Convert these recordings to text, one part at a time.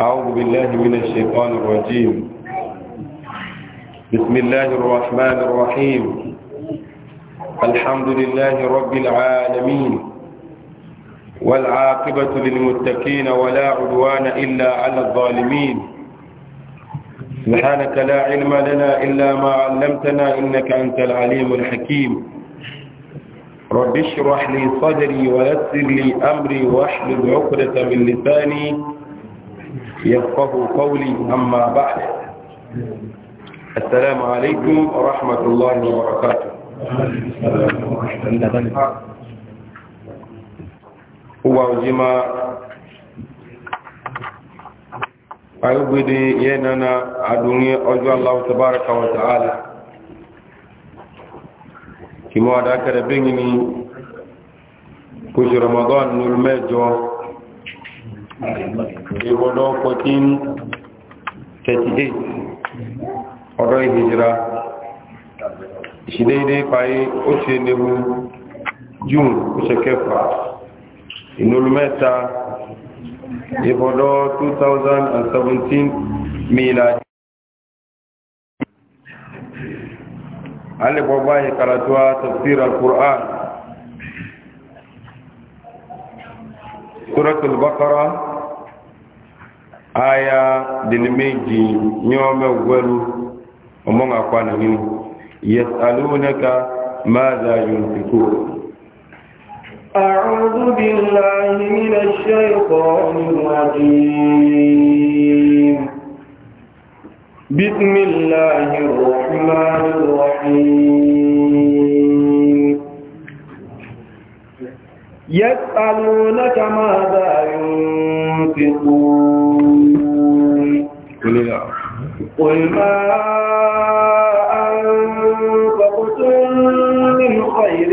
أعوذ بالله من الشيطان الرجيم بسم الله الرحمن الرحيم الحمد لله رب العالمين والعاقبة للمتقين ولا عدوان إلا على الظالمين سبحانك لا علم لنا إلا ما علمتنا إنك أنت العليم الحكيم رب اشرح لي صدري ويسر لي أمري واحلل عقدة من لساني يفقه قولي أما بعد السلام عليكم ورحمة الله وبركاته هو وزيما أعبدي ينانا عدوني أجوى الله تبارك وتعالى كما ذكر بيني كوش رمضان نور ìwọ̀lọ́ 1438 ọ̀rọ̀ ìhìjìra ìṣìdéédé parí ó ṣe léwu june ó ṣe kẹfà ìnolùmẹ́ta ìwọ̀lọ́ 2017 mìíràn alẹ́gbọ́gbá ìkàràtúwà tafsir al-qur'an Al-Baqarah aya dini meji nyome welu omonga kwa na nini yasalunaka madha yunfikun أعوذ بالله من الشيطان الرجيم بسم الله الرحمن يسألونك ماذا ينفقون قل ما أنفقتم من خير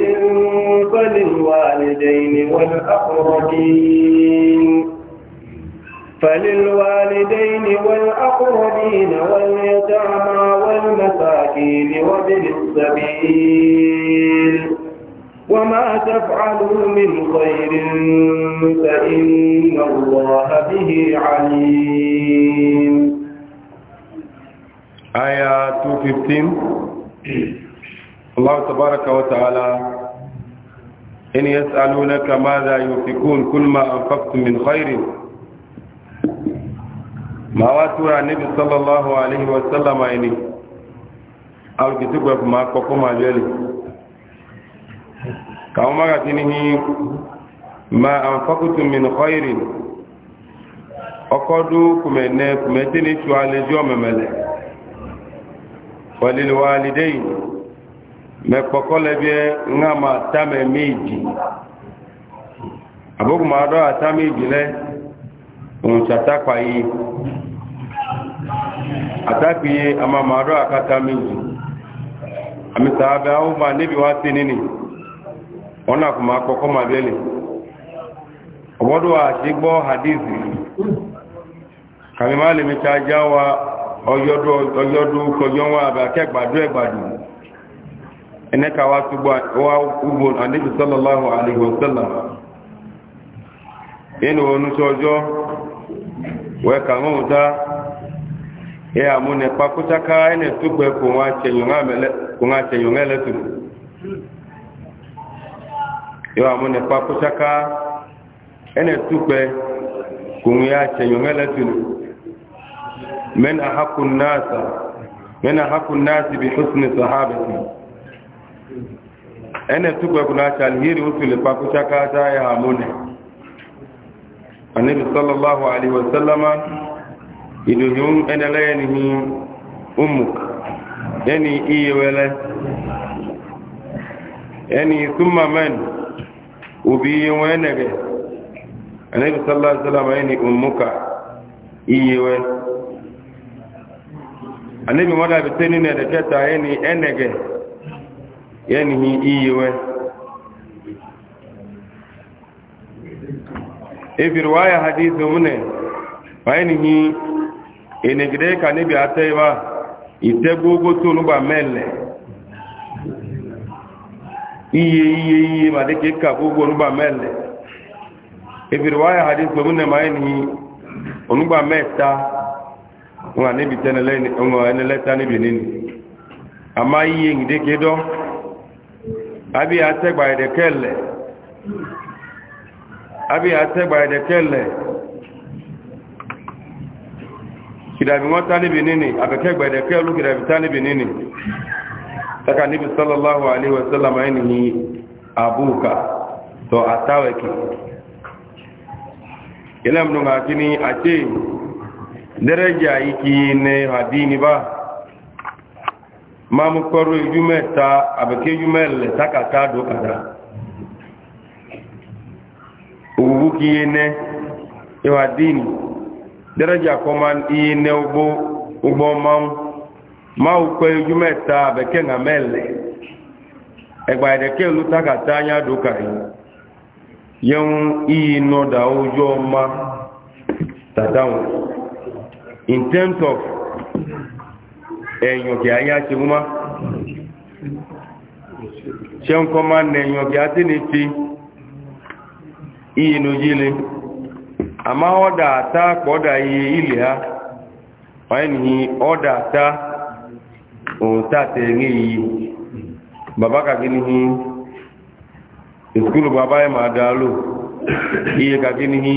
فللوالدين والأقربين فللوالدين والأقربين واليتامى والمساكين وابن السبيل وما تفعلوا من خير فإن الله به عليم آية 215 الله تبارك وتعالى إن يسألونك ماذا ينفقون كل ما أنفقت من خير ما واتوا النبي صلى الله عليه وسلم إني أو كتبك ما قوم عليه àwọn mágàtí ní ma àǹfàkùtù min khairin ọkọ̀dú kùmẹ̀nẹ́ kùmẹ̀tí ní ṣù alẹ́jọ́ mẹ̀mẹ̀lẹ̀ pẹ̀lú wàlìdẹ́yìn mẹ́pọ̀kọ́lẹ́bẹ́ ń àmà támẹ̀ méjì àbúkùmọ̀ àdọ́ àtámẹ̀ ìbílẹ̀ òun ṣàtàpà yìí àtàkìyẹ àmàmà àdọ́ àkátá méjì àmì sàábẹ̀ àwọn ọmọ níbi wá sí nínú ọ̀nà kò máa kọ́kọ́ máa bẹ́lẹ̀ ọ̀bọ́dọ̀ àti gbọ́ hadithi kàmí máa lè mẹ́ta já wa ọyọ́dún kọjọ́ wọn àbàkẹ́ gbàdú ẹ̀gbàdù ẹnẹ́ka wá túgbọ́ wá ugbò àdébì sallallahu alaihi wasallam inú onúṣọ́ ọjọ́ wẹ́ka mọ́ta ẹ àmúnẹ̀pá kútáká ẹnẹ̀ túgbẹ́ kò wọ́n àṣẹyùn yóò àmú nípa kúṣáká ẹnẹ túpẹ kùn ya ṣẹyàn mẹlẹtìlú mẹna hakun náàsì bí husni sahabati ẹnẹ túpẹ kùn àṣà alhiri ó tùlẹ̀ pa kúṣáká dáyà àmú nẹ anibi sallallahu alaihi wasallama idohun ẹnẹlẹ́yẹn ni umuk ẹni iyewẹlẹ ẹni súnmọ́ mẹ́nu obi iyewe nege anabi sallallahu alaihi wasallam ayni ummuka iyewe anabi mada biteni ne da keta ayni enege yani iyewe efi riwaya hadithu mune ayni enegde ka nabi ataiba itegogo tunu ba mele iye iye iye màdéke kà gbogbo onúgbà mẹ́lẹ̀ ìfìrìwáyà hadith pẹ̀lú nẹ̀mà ẹni onúgbà mẹ́ta wọn níbi tẹ́nẹlẹ́ta níbi nínú àmá iye ìdéke dọ́ àbí àtẹ́gbà ẹ̀dẹ̀kẹ́lẹ̀ àbí àtẹ́gbà ẹ̀dẹ̀kẹ́lẹ̀ kìdàbí wọ́n tá níbi nínú àbẹ̀kẹ́gbà ẹ̀dẹ̀kẹ́ olúkìdàbí tá níbi nínú saka nibi sallallahu alaihi wasallam ainihi abuka to ataweki ina mnunga kini ace daraja iki ne hadini ba mamu koro yume ta abeke yume le taka ta do kada ubuki yene yo hadini daraja koman yene ubo ubo mamu máa kọ ojú mẹ́ta àbẹ̀kẹ́ ńà mẹ́lẹ̀ ẹgbà ẹ̀dẹ̀kẹ́ ìlú takàtà anyádùkà yìí yẹun iyì nọ́dà ojú ọma tàtàwọn in terms of ẹ̀yàn kì ṣe mú má ń kọ́ máa nà ẹ̀yàn tí ní ti iyì ọ̀dà àtà pọ̀dà iye ilẹ̀ ha wáyé nìyí ọ̀dà àtà òun tààtẹ̀ ní iyi bàbá kàkí ní hí ìskúlù bàbá ẹ̀ máa dáa lò iye kàkí ní hí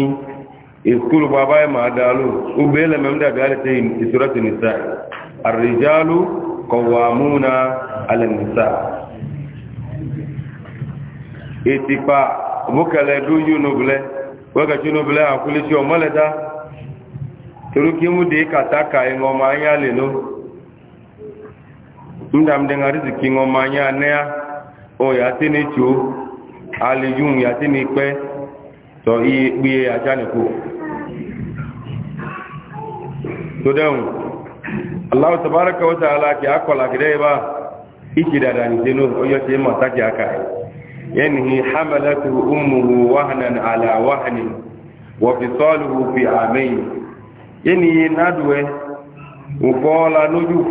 ìskúlù bàbá ẹ̀ máa dáa lò ó bẹ́ẹ̀ ń dàbí àlẹ́ ìṣúrẹ́tì nìta àrìjálù kọ̀wàmúna alẹ́ nìta ètìpa bókẹ̀lẹ̀ dójú nobilẹ̀ wẹ́kẹ̀tí nobilẹ̀ mú de kàtàkà ẹ̀ ọmọ ayé náà nga m riziki ŋɔ ma nya nea o ya te ne ali yun ya te ne kpɛ iye kpuye atsa ne ko to dɛn alahu tabaraka wa taala kì á kɔla dada ní senu ɔyɔ tse ta kì á ka hamalatu ala wahanin wọfi fi nuju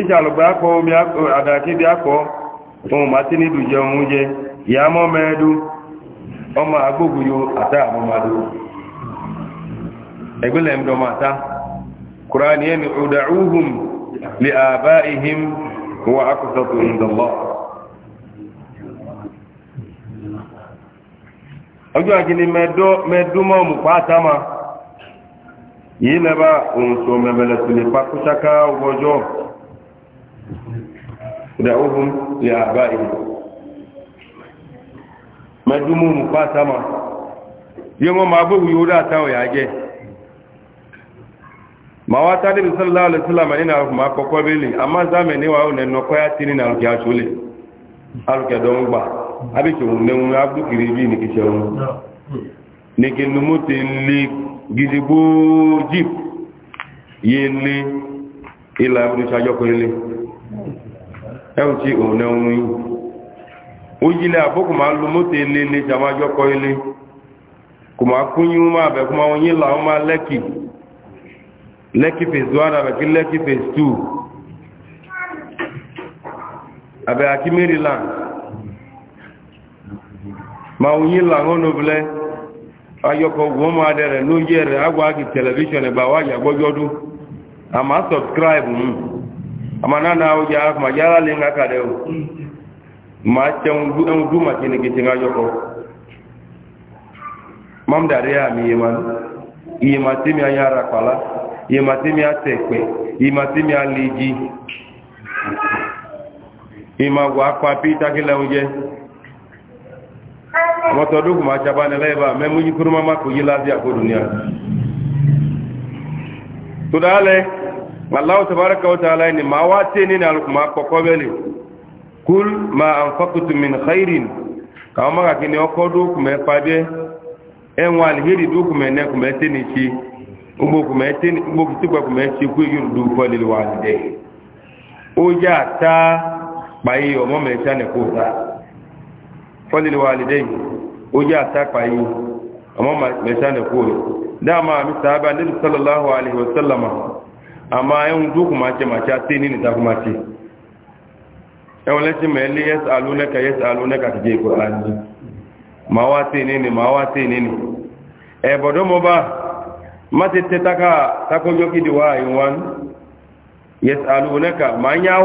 ija alụgba akọ akpọ akọ ụmụmatị n'idu je onwunye ya mọmedu ọma agbogbuyo ata amụmadụ egbele mdomata kurani eni udauhum li abaihim huwa akusatu indallah ọjọ́ akini yìí tó mẹ́bẹ̀lẹ̀ ọgbọ́jọ́ da'uhum li aba'ihim majumu mufasama yemo mabu yuda tawo yaje mawata nabi sallallahu alaihi wasallam ina ma kokko bele amma zame ni wa ne no koya tini na rukia shule arukia don gba abi ke wonne won abdu kiribi ni kiche won ni ke numuti li gidigbo jeep yele ila abdu shajo ko ile ẹ̀hùn tí òun náà ń yìn ó yí lẹ́ àbókù máa ń lo mọ́tò ilé ilé jàmájọ́ kọ́ ilé kò máa kún yín máa bẹ̀ kó máa wọ́n yín làwọn máa lẹ́kì lẹ́kì phase one àbẹ̀kí lẹ́kì phase two àbẹ̀ àkí maryland máa wọ́n yín làwọn nobulẹ́ máa rẹ̀ àmà subscribe mú. Hmm. amana na o ja ma jala le nga ka de o ma chen du en du ma chen ke chen ayo ko mam da re ami yeman iye ma temi anya ra pala iye ma temi atepe iye ma temi aliji iye ma wa pa pi ta ke le o je mo to du ma cha ba ne le ba me mu yi kuruma ma ko yi la bi ko dunia to wallahu tabaraka wa ta'ala ni ma wa te ni na ma koko bele kul ma anfaqtu min khairin ka ma ka kini oko du ku me pade en wa alheri du ku me ne ku me te ni chi umo ku me te ni umo ku ti ku me chi ku e yuru du ko e lil walide o ja ta pai o mo me cha ne ku ta ko lil walide o ja ta pai mi sahaba nabi sallallahu alaihi wasallama ama ẹ̀hùn tó kùn máa jẹ màá já tí ní nìtakùn máa ti ẹ̀hùn lẹ́sí mẹ́ lé yẹ́sì alónẹ́ka yẹ́sì alónẹ́ka kìí ikọ̀ láti máa wá tí nínú máa wá tí nínú ẹ̀bọ̀dọ́ mọ́ bá má ti tẹ́ taká takójọ́ kìdí wá ìwọ̀n yẹ́sì alónẹ́ka máa ń yá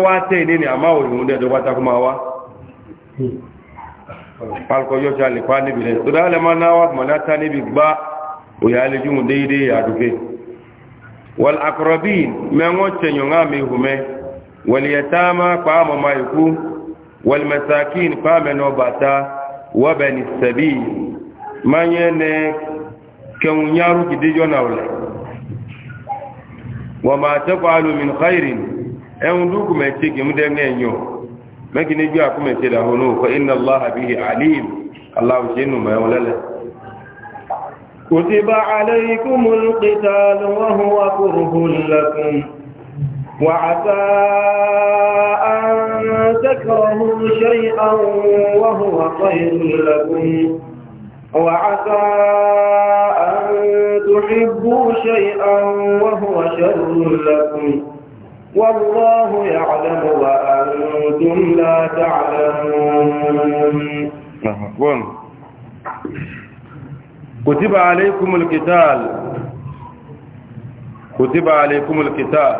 wá wal akrobin mẹ́wọ́n tẹ̀yọ̀ngá mi hùmẹ́ wal yẹtàmá pàmò máa ikú wal mẹsàkín pàmò náà bàtà wọ́bẹ̀ ní sẹ̀bí máa yẹ ní kẹun yárú kìdíjọ́ náà lẹ̀ wọ́n máa tẹ́kọ̀ alumin khairin ẹ̀hún dúkùmẹ̀ tí kì mú dẹ́gbẹ̀ yọ mẹ́kìnníjú àkúmẹ̀ tí dàhónú fa inna allah bihi alim allah ṣe nù mẹ́wọ́n lẹ́lẹ̀ كتب عليكم القتال وهو كره لكم وعسى أن تكرهوا شيئا وهو خير لكم وعسى أن تحبوا شيئا وهو شر لكم والله يعلم وأنتم لا تعلمون كتب عليكم القتال كتب عليكم القتال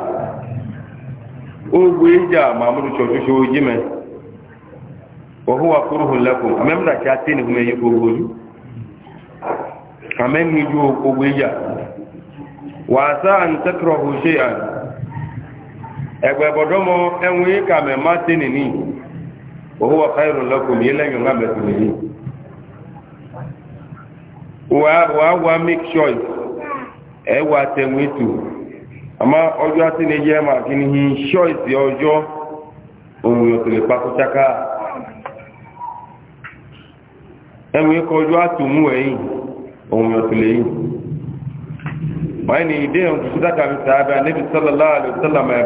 ogun ija mamuru ṣoṣoṣo jime wọ́húwà kúrùhùn lẹ́kùn àmẹ́mìnà kí a tí ní ọmọ ẹ̀yìn gbogbo ojú àmẹ́mìnà ju ogun ija wà sáà ń tẹ́kọ̀rọ̀hù ṣe à ẹgbẹ̀bọ̀dọ́mọ ẹ̀wọ̀n yíkà mẹ́má tí nìní wọ́húwà káyọ̀rùn lẹ́kùn yílẹ́yìn ọmọ mẹ́tùnìní wa wàá make sure ẹ na tẹ̀wé tù àmọ́ ọjọ́ àti ní jẹ́ máa kí ni hin ṣọ́ìsì ọjọ́ òun yóò tẹ̀lé pakútáká ẹ̀wọ̀n ikọ̀ ọjọ́ àtùmú ẹ̀yìn òun yóò tẹ̀lé yìí wọ́n ni ìdí ẹ̀hùn tuntun dákà mi sàábà níbi sọ́lọ́lá àlùsọ́lá máa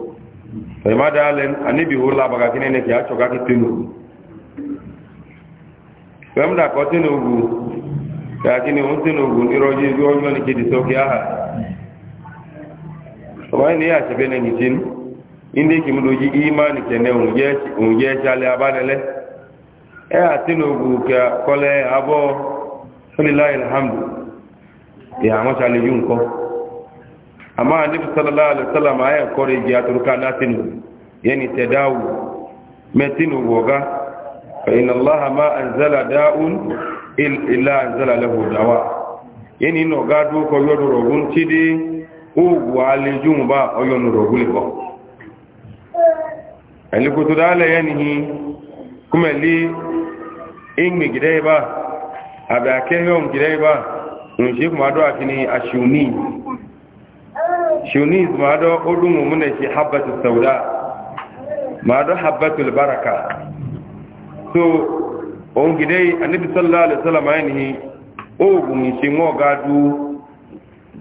fẹ̀yìmá dáa lẹ́nu àníbì wo lábàgà kí nínú kìí àtsọ̀ká kí tinubu fẹ̀yìmá dà kọ́ tinubu kìí àti ni òun tinubu nírọ̀jú ibi ọjọ́ ni kìí ni náà nìtì nù ndé kìí mu dojú ìmá ni abánilẹ́ ẹ̀ àtinubu kọ́lẹ́ abọ́ sọlíláyìí alhamdu ìhàmọ́sálẹ̀ yìí nǹkan. amma annabi sallallahu alaihi wasallam ay kore ji aturka latin yani tadawu metinu goga fa inna allaha ma anzala da'un illa anzala lahu dawa yani no gadu ko yodo rogun tidi u wale jumba oyonu rogule ko aliko to dale yani kuma li ingmi gideba abake yon gideba unji kuma akini ashuni shuni ma do shi habatu sauda ma do habatul baraka so on gidai annabi sallallahu alaihi wasallam ayini ogun shi mo gadu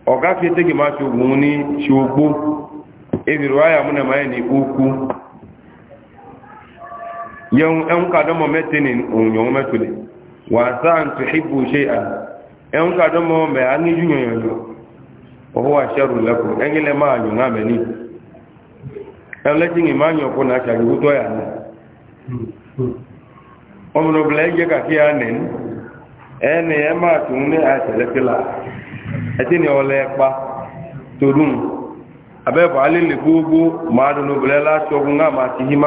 oga fi tegi ma shi ogun ni shi ogbo ebi uku yawon ɗan kadama metinin onyon metule wasa an tuhibbu shay'an ɗan kadama mai ọwọ́ àṣẹ́rù lẹ́kùn ẹgbẹ́lẹ́ máa yùn náà mẹ́ni ẹlẹ́tí ni máa yàn kó náà ṣàgbégbó tó yà ní ọmọdébìlẹ̀ ẹgbẹ́ kàkí yà nẹ̀ ní ẹni ẹ máa tún ní àṣẹlẹ́pìlà ẹtí ni ọlẹ́ pa toru abẹ́bọ̀ alẹ́lẹ́ gbogbo máa dùn obìnrin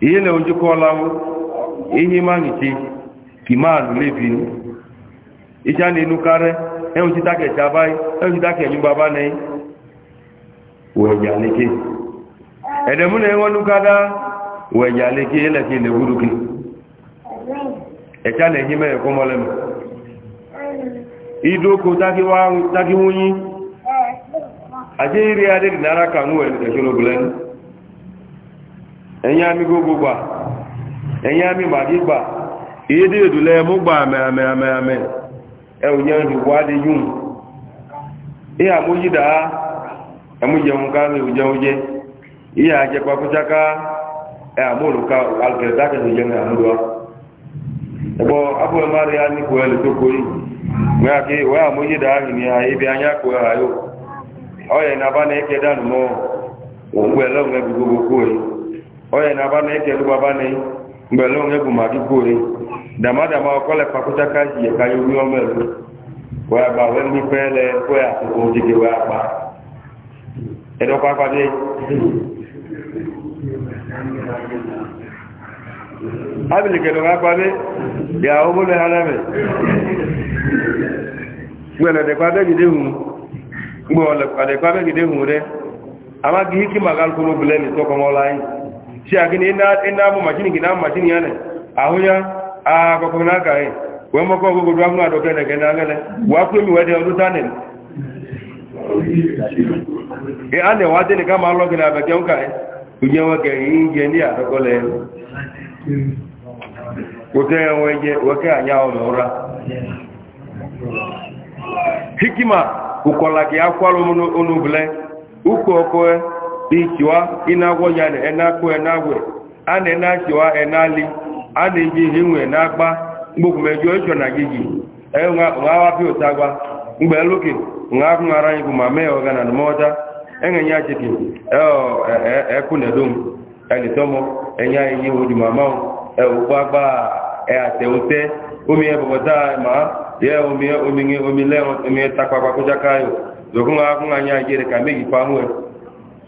ihe na-ojukọọlawụ ihe maghichi kimanụ lebini icha na-enu karị enwechita ka echabaghị enwechita ka enyugbaba e e na wẹ̀yàlékè ẹ̀dẹ̀múnà ẹwọ́n lúkádá wẹ̀yàlékè ẹlẹ́kì ilẹ̀ gúrùkì ẹ̀ká lè yí mẹ́rẹ̀ kọmọ lẹ́nu ìdókò tákíwúnyí àjẹ́ ìrẹ́ adẹ́dìnára kàánú ẹ̀ṣọ́lógún lẹ́nu ẹ̀yìn àmì gbogbo gbà ẹ̀yìn àmì màgí gbà ìyédè ìdúlẹ̀ mú gbà àmẹ́àmẹ́àmẹ́ ẹ̀hùn yẹn ìwádìí yùn ìyà mú yídà ẹ̀mú jẹun ká mi ò jẹun jẹ ìyà àjẹpà rí àti ọ̀yẹ̀ mọ́ òun gbogbo oye na ba na eke ekelu baba ne mbele onye bụ ma Dama dama ọkọle pakụta ka ji ka ya wi omelu wee gba wee mmipe ele kwe akụkụ ojige wee akpa edokwa akpade abilikedo ga dị? ya omole ha nebe gbele dekwa begide ọ gbele dekwa begide hu re amaghị ike maga alkụrụ bule ni tọkọmọla anyị si a gịnị na amụ machin gị na amụ machin ya ahụ ya aha akụkọ na aka ya wee maka ọgụgụ du ahụ na gene agene wee akwụ emi wee dị ọdụ tanel a na-ewe alụ na bekee nka ya onye nwoke ije ndị adọkọla ya oke ya nwe je nwoke anya ọ ụra hikima ụkọla gị akwalụ m n'onubule ichiwa ịna-agwọ ya na enakụ ana a na-ena enali a na-eji ihe nwe na agba mgbokwumeju ịchọ na gị gị nwa mgbe elu nwa agụghara ma mee ọgana na mọta enye ya o ekwu e, e, na edom elitomo enye ya ihe ụkwụ agba e, ate ute omi ebọbọta ma ya omi omile omi takwakwakwụjaka yo zokwu nwa ka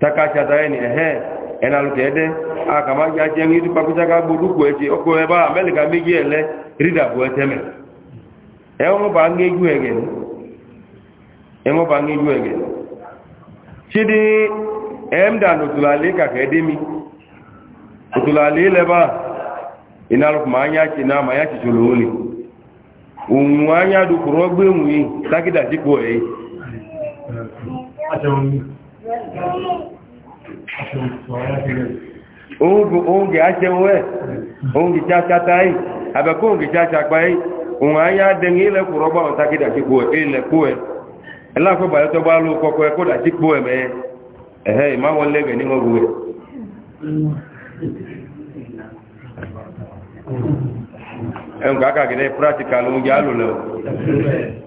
takacha tayeni ehe ena lukede akama jaje ngidu pakucha ka budu kweti okwe ba melika migiele rida bweteme ewo ba ngeju egen ewo ba ngeju egen chidi emda no tulale ka kedimi tulale leba inalo manya china maya chichululi umwanya du kurogwe mwi takida oúnjẹ aṣẹ́wọ́ ẹ̀ oúnjẹ ṣáṣátá yìí àbẹ̀kọ́ oúnjẹ ṣáṣàpá yìí òun àyà dẹ̀yìn ilẹ̀ kò rọ́gbà ọ̀tá kí dàṣípò ilẹ̀ kó ẹ̀ ẹlákọ̀ọ́bà tó bá ló kọ́kọ́ ẹ kó ẹ̀ mẹ́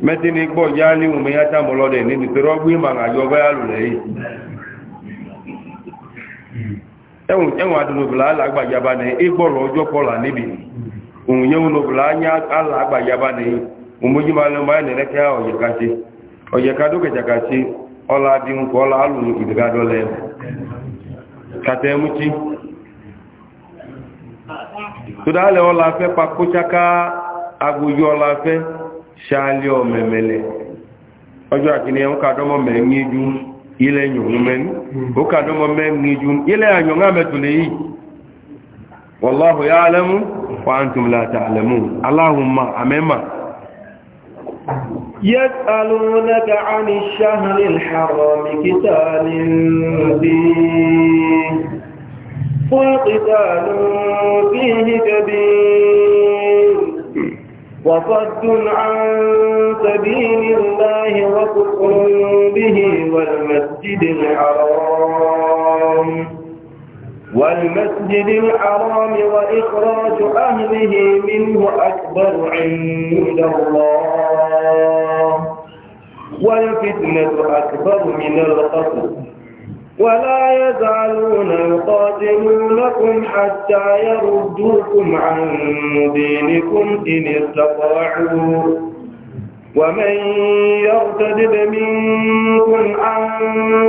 mẹ́tí ní gbọ́ já ní omi yátà mọ́lọ́dẹ̀ ní nìtẹ́rọ́gbé ìmàrà àjọ bá yàlù lẹ́yìn ẹ̀wọ̀n adùnobìlà alàgbàjába ní ìgbọ̀rọ̀ ọjọ́ kọlà níbi òun ọlá fẹ́ ṣáká agbójú ọlá fẹ́ ṣáálí ọmọ ẹ̀mẹ́lẹ̀ ọjọ́ àkíní ẹ̀ ń kàdọ́mọ́ mẹ́rin ju ilẹ̀ yòówù mẹ́rin ó kàdọ́mọ́ mẹ́rin ju ilẹ̀ àyọ̀ngá mẹ́tùlẹ̀ yìí wọ́láhù yá alẹ́mú wà ń tún láti alẹ́mú aláhùnmá àmẹ́mà يسألونك عن الشهر الحرام قتال فيه وقتال فيه كبير وصد عن سبيل الله وكفر به والمسجد الحرام والمسجد الحرام وإخراج أهله منه أكبر عند الله والفتنة أكبر من القتل ولا يزالون يقاتلونكم حتى يردوكم عن دينكم إن استطاعوا ومن يرتد منكم عن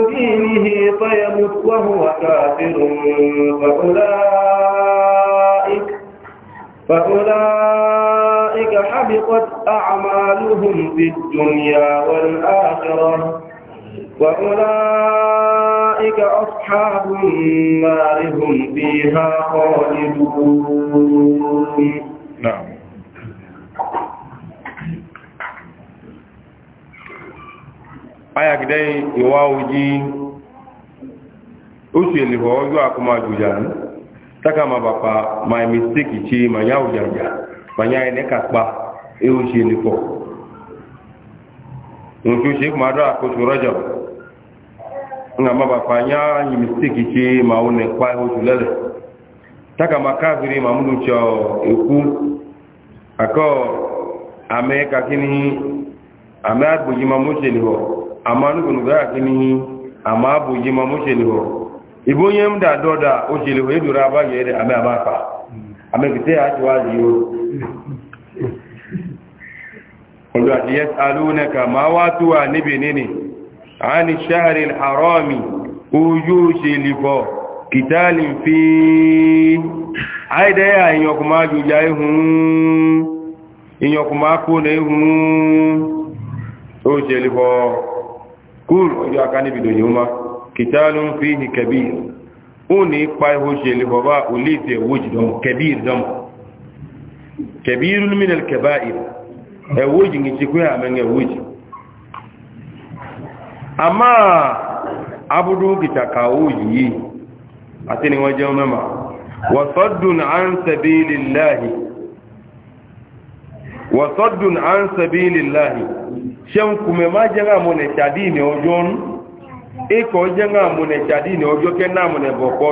دينه فيمت وهو كافر فأولئك, فأولئك حبطت أعمالهم في الدنيا والآخرة وأولئك أصحاب النار هم فيها خالدون نعم aya gidai iwa uji uche liho oju akuma jujan taka mabapa my mistake chi manya ujanja manya ene e nki sheikh madra ko turaja ngama bafanya ni mistake chi maone kwa hujulele taka makafiri mamdu cho iku ako ameka kini amabu jima musheli ho amanu kunuga kini amabu jima musheli ho ibonye mda doda osheli ho edura ba yere ame abafa amekite achwazi yo olùwàtí yẹ́sàlúnẹ̀kà máa wá tó wà níbi níní a ní ṣáàrin àrọ́mì ojú ṣe lìfọ́ kìtàlì fi àìdẹ́yà ìyànkùnmá jùjá ihun ìyànkùnmá kónà ihun ó ṣe lìfọ́ kúl ojú aká níbi ẹ̀wọ́jì ní ti kúrò àmì ẹ̀wọ́jì a máa abúrú kìtàkà òjì yìí àti ni wọ́n jẹ́ mẹ́mà wọ́sọ́dún án sẹ̀bí lìláhì ṣeun kùmẹ̀ máa jẹ́ àmúnẹ̀ tàbí ní ọjọ́ ń ikọ̀ jẹ́ àmúnẹ̀ tàbí ní ọjọ́ kẹ́ náà múnẹ̀ ọjọ́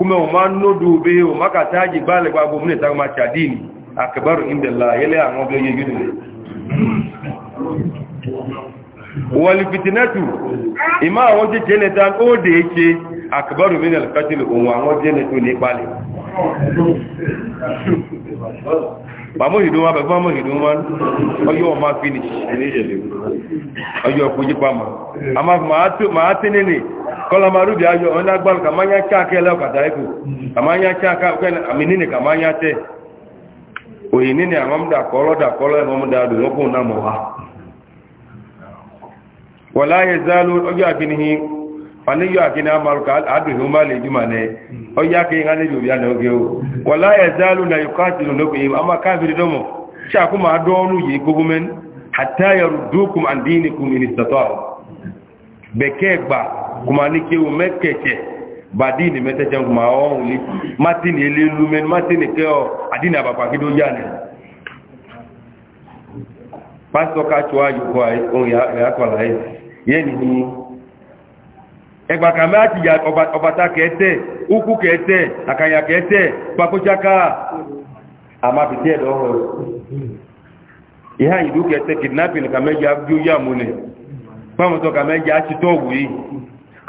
kuma ma no dube o maka taji bale ba gomne ta ma chadini akbaru indallah yele an obe ye yudu wal fitnatu ima woje jene tan o de eche akbaru min al qatl o wa woje ne to ni pale ba mo hidu ma ba mo hidu ma oyo ma finish ni jele oyo kuji pa ma ama ma ma atene ni kọ́lá máa rúbi ayọ́ ọ̀nà agbára kà máa ń yá kí àkẹ́lẹ́ ọ̀kàtà ẹ̀kù kà máa ń yá kí àmì nínú kà máa ń yá tẹ́ òyìn nínú àmàmdà kọ́lọ́dà kọ́lọ́ ẹ̀mọ́mdà lòókùn náà mọ̀ wá wọ́n láyé zálú ọjọ́ àkíní faniyo àkíní amárùkà àdùnhìn má lè jùmọ̀ ní ọjọ́ àkíní ká níbi òbíà náà gẹ́wò wọ́n láyé zálú na yóò káàtìlù bẹ̀kẹ́ gbà kuma ni ke o badi ni mete jan kuma o ni mati ni ele lu mati ni ke o adi na baba kido ya ni pastor ka chwa ju ko ai o ya ya ko lai e. ni ni egba ka ati ya oba oba uku ke te uku ke te akanya ke te pakuchaka ama bi te do ìhá ya tẹ́ kìdínápìnì kàmẹ́jì abújú yàmúnẹ̀ pàmùtọ́ kàmẹ́jì àṣìtọ́ òwúrí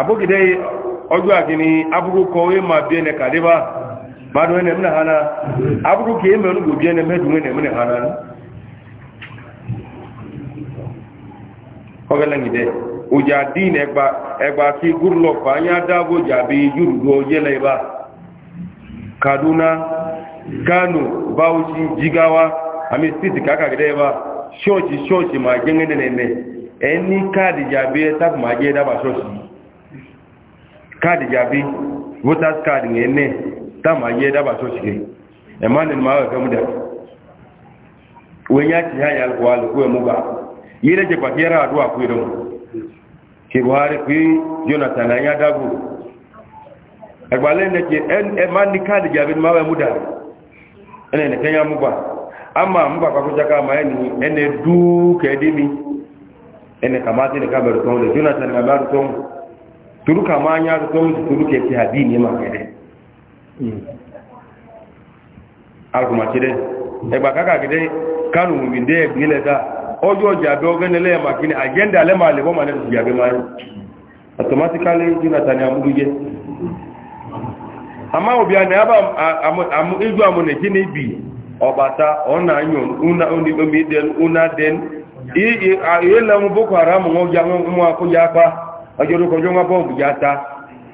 abogide ọjọ́ àkíní abúrú kọ oé ma bí ẹnẹ kàdébá mádùn ẹnẹ mìnà hana abúrú kìí mẹ́rin gbò bí ẹnẹ mẹ́dùn ẹnẹ mìnà hana ọgẹ́lẹ́gidẹ́ òjà dín ẹgbà tí gúrùlọ́pàá yá dágbò jàbí yúrùdó yẹ́lẹ̀ ibá kaduna kano bauchi jigawa àmì stíìtì kákàgidẹ́ ibá ṣọ́ọ̀ṣì ṣọ́ọ̀ṣì ma jẹ́ ẹni káàdì jàbí ẹ tábù ṣọ́ọ̀ṣì káàdì jàbí voters card ní ẹni táàmà yẹ dábà tó ṣe ẹ̀mọ́ ni màá ẹ̀fẹ́ mú ya wọ́n yá ti háyà ya alùpùpù ẹ̀mú bá yìí lẹ́jẹ̀ pàtí yára àdúrà kú ìdánwò ṣe buhari pé jonathan ayá dágò ẹgbàlẹ́ ẹ̀nẹ́kẹ́ ẹ̀má ní káàdì jàbí ni màá ama mú bàbá kó jáká ma ẹni ka ma anya atụtụ m turuka esi ha dini ma kede agụmachide egba kagide kanu mumi ndị egbe ile ga ọjọ ji abịa oge nele ma kini agenda ale ma ale ma ne ji abịa manya automatically jonathan amụgide ama obi a ịjụ amụ na ọbata ọ na-anyụ una den ụmụ ya akpa ọjọ́ orúkọ ọjọ́ wọn bọ́ọ̀bù já ta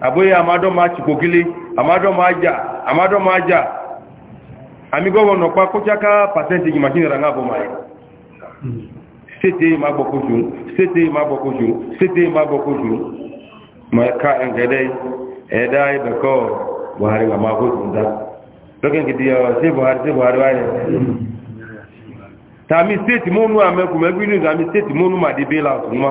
àbóyá àmádọ́ máa ti pòkílé àmádọ́ máa jà àmádọ́ máa jà àmì gọ́wọ́nà pa kójáká pàṣẹ́ntì yìí màṣínì rà ńlábọ̀ máa sété máa gbọ́kó jù sété máa gbọ́kó jù sété máa gbọ́kó jù mọ̀ ẹ̀ka ẹ̀ǹkẹ́dẹ́ ẹ̀dá ìbẹ̀kọ́ buhari wà máa kó jù dá lọ́kẹ́ kìdí ọ̀rọ̀ sí buhari sí buhari wáyé tàmí séètì mọ́nú àmẹ́kùnmẹ́gbínú tàmí séètì mọ́nú màdébé làtúnmá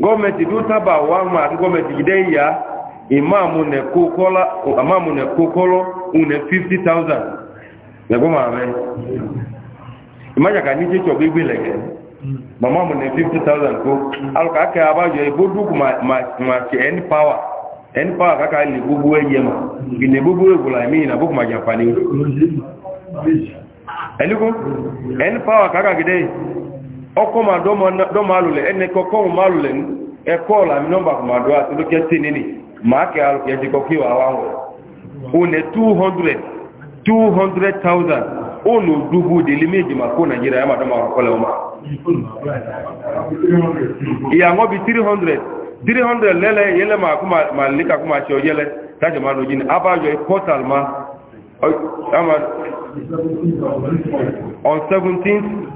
gọọmenti dụ taba wa ma gọọmenti gide ya imamu ne kokola amamu ne kokolo une 50000 ne goma me imaja ka nije cho gbe lege mama mu ne 50000 ko al ka ka abajo e bodu ma ma ma ke en power End power ka ka le bubu eye ma ne bubu e gula mi na buku ma japani eliko en power ka ka gide okoma do malule ene ko ko malule e ko la mi nomba ma do atu ke tinini ma ke al ke ti ko ki wa wa one 200 200000 ono dubu de limeji ma ko nigeria ya ma do ma ko le ma ya ngo bi 300 300 lele yele ma ku ma ma lika ku ma cho yele ta je ma do jini aba jo e portal ma on 17th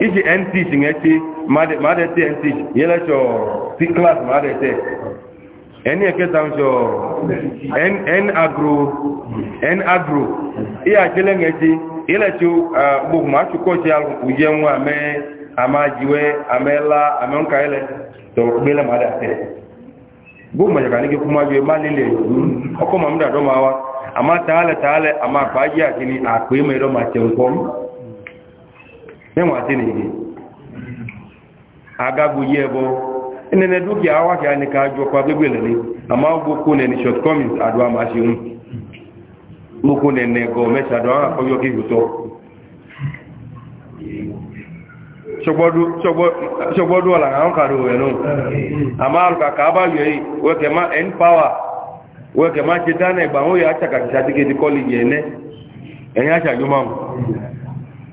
iji ntc ngechi ma de te ntc yele cho si class ma de te eni eke tan cho en agro en agro iya chele ngechi ile chu bu ma chu ko chi alu uje nwa me ama jiwe amela amonka ile to bele ma de te bu ma jaka ni kuma je ma lele oko ma mda do ma wa ama taale taale ama ji akini akwe me do ma che nkom mẹ́wàá tí nìyí agago yí ẹbọ ẹnẹnẹ dúkìá wá kí a ní ká jọ pa gbégbé lẹ́lẹ́ àmá gbókó nẹni short comings àdó àmà ṣe ń gbókó nẹni ẹgọ mẹ́ta àdó àwọn akọ́yọ́ kí ìhùtọ́ ṣọgbọ́dú ọ̀là àwọn kàrò ẹ̀ náà àmá alùkàkà abáyọ̀ yìí wẹ́kẹ̀ má ẹn pàwà má ṣe dáná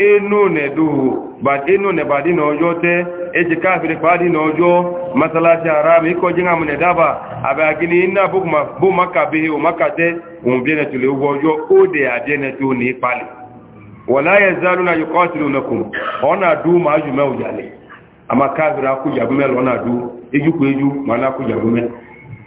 inu enu neduhu bad enu ne badi na ojo te eji kafiri badi na ojo masalasi haram iko jinga mu ne daba abagini inna bu ma bu makabe o makate um bi ne tule ojo o de ade ne tu ni pali wala yazaluna yuqatilunakum ona du ma ju me ojale ama kafiri aku jabume na du eju ku eju mana ku jabume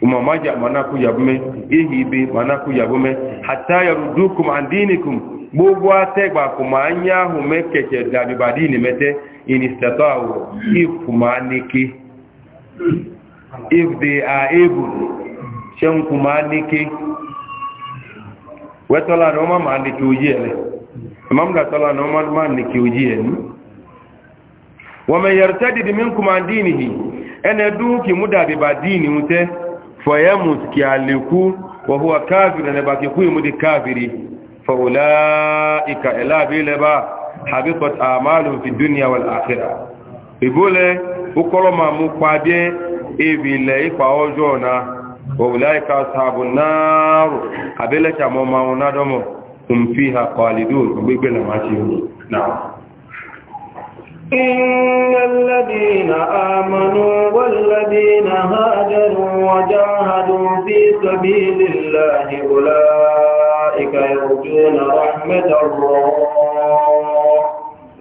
umamaja mana ku jabume ihi ibe mana ku jabume hatta yarudukum an dinikum gbogbo atẹ́gbà kò máa ń yá ahùn mẹ́kẹ̀kẹ̀ dàbìbàdì ìní mẹ́tẹ́ ìnìsẹ̀tọ́ àwọ̀ if if they are able ṣe ń kò máa níké wẹ́tọ́lá ni wọ́n máa máa níké ojí ẹ̀ lẹ̀ ìmọ̀mùdàtọ́lá ni wọ́n máa níké ojí ẹ̀ ní wọ́n mẹ́ yẹ̀rù tẹ́ dìdì mí kò máa dìínì yìí ẹnẹ dúkì mú dàbìbàdì ìní mú tẹ́ fọ̀yẹ́mù kì á lè kú wọ̀húwà káàfìrì ẹnẹ bàkì kú ìmúdi káàfìrì فأولئك إلا بيلبا حبطت أعمالهم في الدنيا والآخرة يقول وكل ما مقابل إبلي فأوجونا وأولئك أصحاب النار أبلك مما ندم هم فيها خالدون بيقول ما شيء نعم إن الذين آمنوا والذين هاجروا وجاهدوا في سبيل الله أولئك أولئك يرجون رحمة الله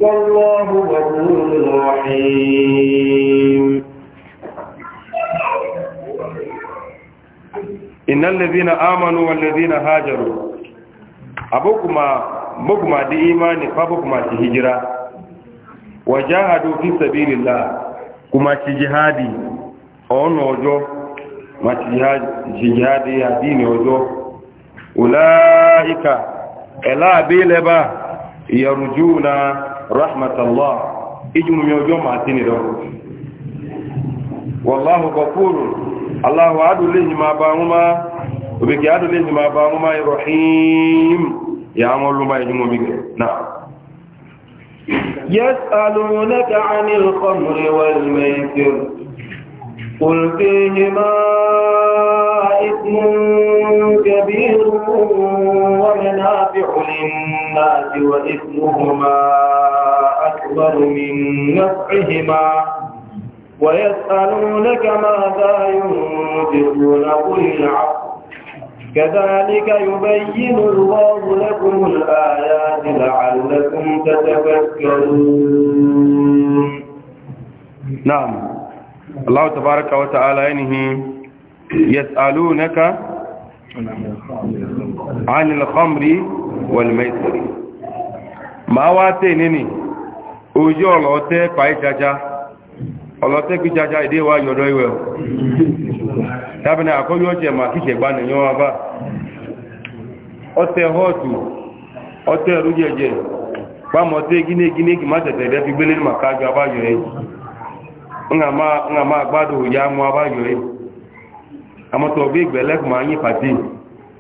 والله غفور رحيم إن الذين آمنوا والذين هاجروا أبوكما بوكما دي إيماني فبوكما دي هجرة وجاهدوا في سبيل الله كما تجهادي أو نوجو ما تجهادي يا دين وجو ulaika ela bi leba yarjuna rahmatallah ijumu yojo ma tini do wallahu ghafur allah adu lihi ma bauma obiki adu lihi ma ir rahim ya amolu ma ijumu mi يسألونك عن الخمر والميسر قل فيهما إثم كبير ومنافع للناس وإثمهما أكبر من نفعهما ويسألونك ماذا ينفقون قل العفو كذلك يبين الله لكم الآيات لعلكم تتفكرون نعم Allah tabaraka wa ta'ala yanihi yas'alunaka anil khamri wal maisir ma wa te nini ojo olote pai jaja olote ki jaja ide wa yodo iwe tabina akoyo je ma ki se gba ni yan ba ote hotu ote rujeje pa mo te gine gine ki ma tete be fi gbele ni ma ka jo abayo e. nga ma gbado ya mu abayo yi àmọ́ tó bí ìgbẹ̀lẹ́ kò máa yín pàtí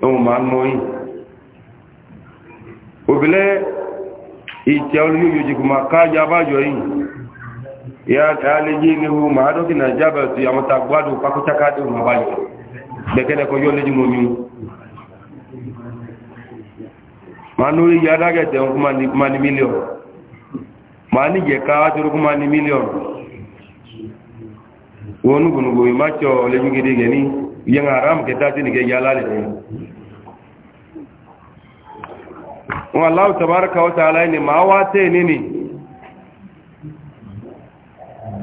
ohun máa ń náà yìí òbílẹ̀ ìtẹ́ olóyòjì kò máa káàjá abayo yìí ya tààlé yé ní ohun máa dókì náà jábẹ̀ sí àwọn tá gbado pákútákádé ohun abayo gbẹ̀kẹ́dẹ̀ kan yóò léjì mọ́mí ma ní orí yá dágẹ̀tẹ̀ ohun kó máa ní mílíọ̀nù ma ní yẹ̀ká wájú kó máa ní mílíọ̀nù wọn nugunugu yi ma tsyɔ le nyigidi gɛni yɛn aram kɛta ti nige yala le ni wọn alahu tabaraka wa taala ni maa waa tee nini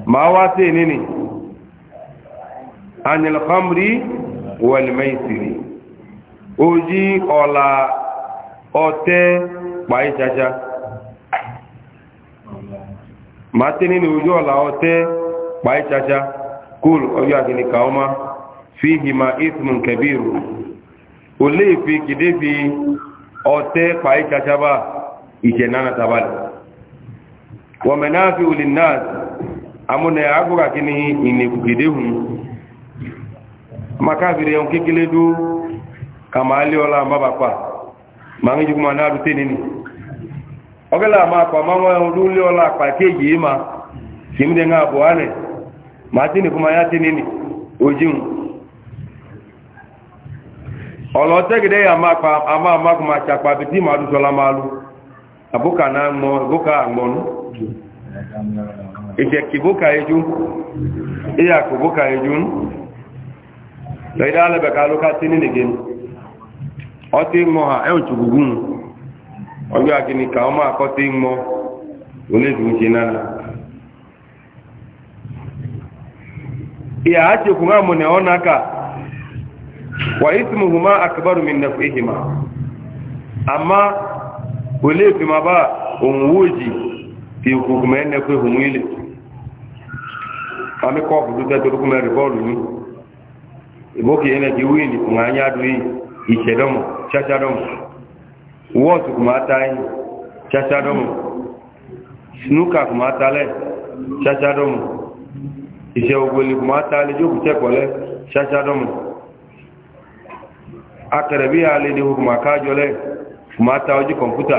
maa waa tee nini anil khamri wal maisiri oji ɔla ɔtɛ kpai tsatsa maa tee nini oji ɔla ɔtɛ kpai tsatsa kúl ọjọ́ àkíní ma, fi hìmá ismun kẹbíru o lè fi kìdé fi ọtẹ́ pàí kàtàbà ìṣẹ̀ náà tàbálẹ̀ wọ́n mẹ́ náà fi olè náà amúnẹ̀ agbóra kíní ìnìkù kìdé hùn makáfìrí ẹun kékeré dó kàmáálé ọlá mábàpá màá ń jùmọ̀ náà rú tẹ́ni ni ọgẹ́lá máa pàmọ́ ẹun lólé ọlá pàkéjì yìí ma kìí mú martini kuma ya tini ni ojin ọlọ́tẹ́gidẹ́ yà ama pa àmà àmàkùnmà àṣàpà tí màá dùsọ́lá máa lú àbúkà náà mọ́ ìbúkà àgbọ̀nú ìṣẹ̀kì búkà ejú ìyàkù búkà ejú lọ́ìdá alẹ́bẹ̀ká ló ká tí ní nìgẹ́ ọtí mọ́ ha ẹ̀hùn tùgbùgbùn ọjọ́ àkíníkà ọmọ àkọ́tí mọ́ olè iya ake kuma mu ne wannan haka wa ismuhuma akbaru min naf'ihima amma wale fi ma ba unwuji fi kuma yana kwe humwile kami ko ku duka to kuma ribolu ni ibo ki yana ki wini kuma anya du yi ichedomo chachadomo wotu kuma tai chachadomo snuka kuma tale chachadomo iṣẹ́ ogboli kò máa tààlé jókù tẹ́kọ̀ọ́lẹ́ ṣáṣádọ́mù akẹrẹ̀ bí a lè dìhù kò máa káàjọlẹ́ kò máa ta ojú kọ̀mpútà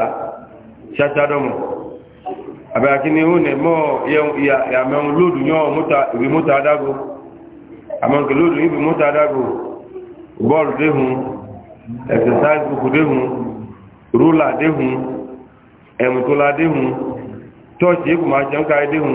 ṣáṣádọ́mù àbẹ̀kíní ó nẹ̀ mọ́ ìyàmẹ́un lóòdù yán ibi múta adágo àmọ́nkè lóòdù ibi múta adágo bọ́ọ̀lù déhùn exercise book déhùn rúlà déhùn ẹ̀mùtólà déhùn chọ́ọ̀chì kò máa jẹun déhùn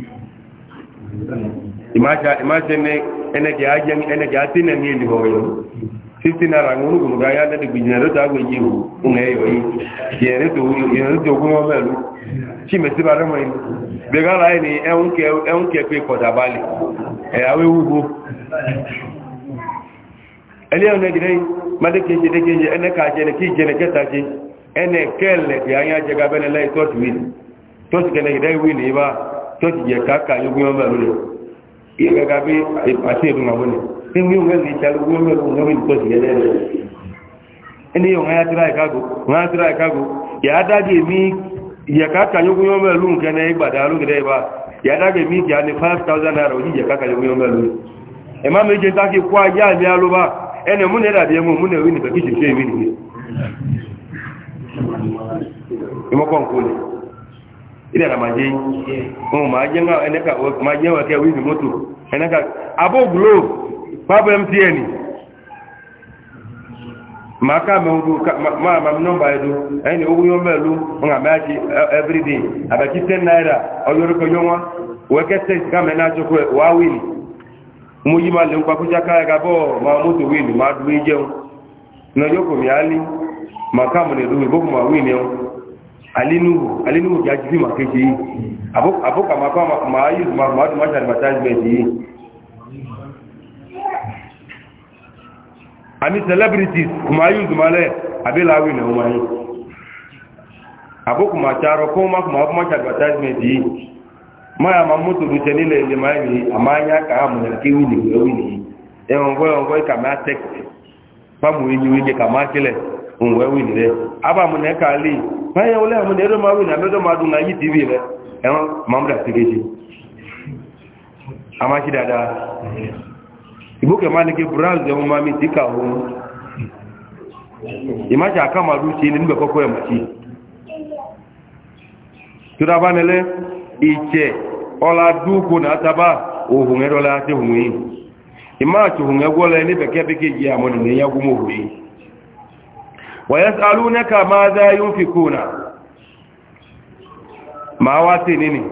imaja imaja ne enege ajen enege atine ni ni hoyo sisi na rangu ga ya na ta gwe yiwu unga yo yi yere to yere to gwo melu chi me ti bare mo ni be ga lai ni e unke e pe ko da bali e wu go. ele gidai madake je dake je ene ka je ne ki je ne ene kele ya ya je ga lai yíyẹ gabi àti èdè ma wọlé ní wíwọ wẹlẹ ìtsàlẹ wíwọ wẹlẹ wọn wẹlẹ tó tìyẹ lẹlẹ ẹni yẹ wọn yàtìrà ìkago wọn yàtìrà ìkago yàdájì èmi yẹka kanyọkun yọ mẹlú nkẹnẹ ìgbàdà alógedẹ yìí bá yàdájì èmi kìá ní five thousand naira òjì yẹka kanyọkun yọ mẹlú ẹ má méje ntáki kó ayé àmì alóba ẹnì múnẹ dàbí ẹmu múnẹ wí nìkan kí ṣèṣe èmi nìyẹn ìmọ̀kọ̀ nkúni ida na maje o oh, maje nga eneka maje wa ke wizi moto eneka abo glow babo mtn maka me ndu ma ma number edu eni ogu yo melu nga maji e, every day abaki 10 naira oyoro ko yonwa weke test ka me na joko wa win mu yima le nkwa kuja ka ga bo ma moto win ma du je no yoko mi ali maka mo ne du bo ma win yo alinuhu alinuhu ya jifi makeji yi abokan mafa ma'ayi ma'adu mashi advertisement yi ami celebrities kuma yi zumale abelawi na umaru abokan macharo ko ma kuma hafi mashi advertisement yi maya ma moto rute nile ile ma yi ama anya ka ha mụnyere ka ewu na ewu ewu na yi enwe ngwe ngwe ka ma text famu enyi onye ka ma kele ngwe win de aba mu ne ka ma ma na do ma na yi tv re e ma mu da tigeji ama ki dada ibo ma ne ke browse de mi dika ma ti be koko e mu tura ba iche ola du na taba ohun ero la te hun yi ima le ni ji amoni na wa yas'alunaka ma za yunfikuna ma wa ti nini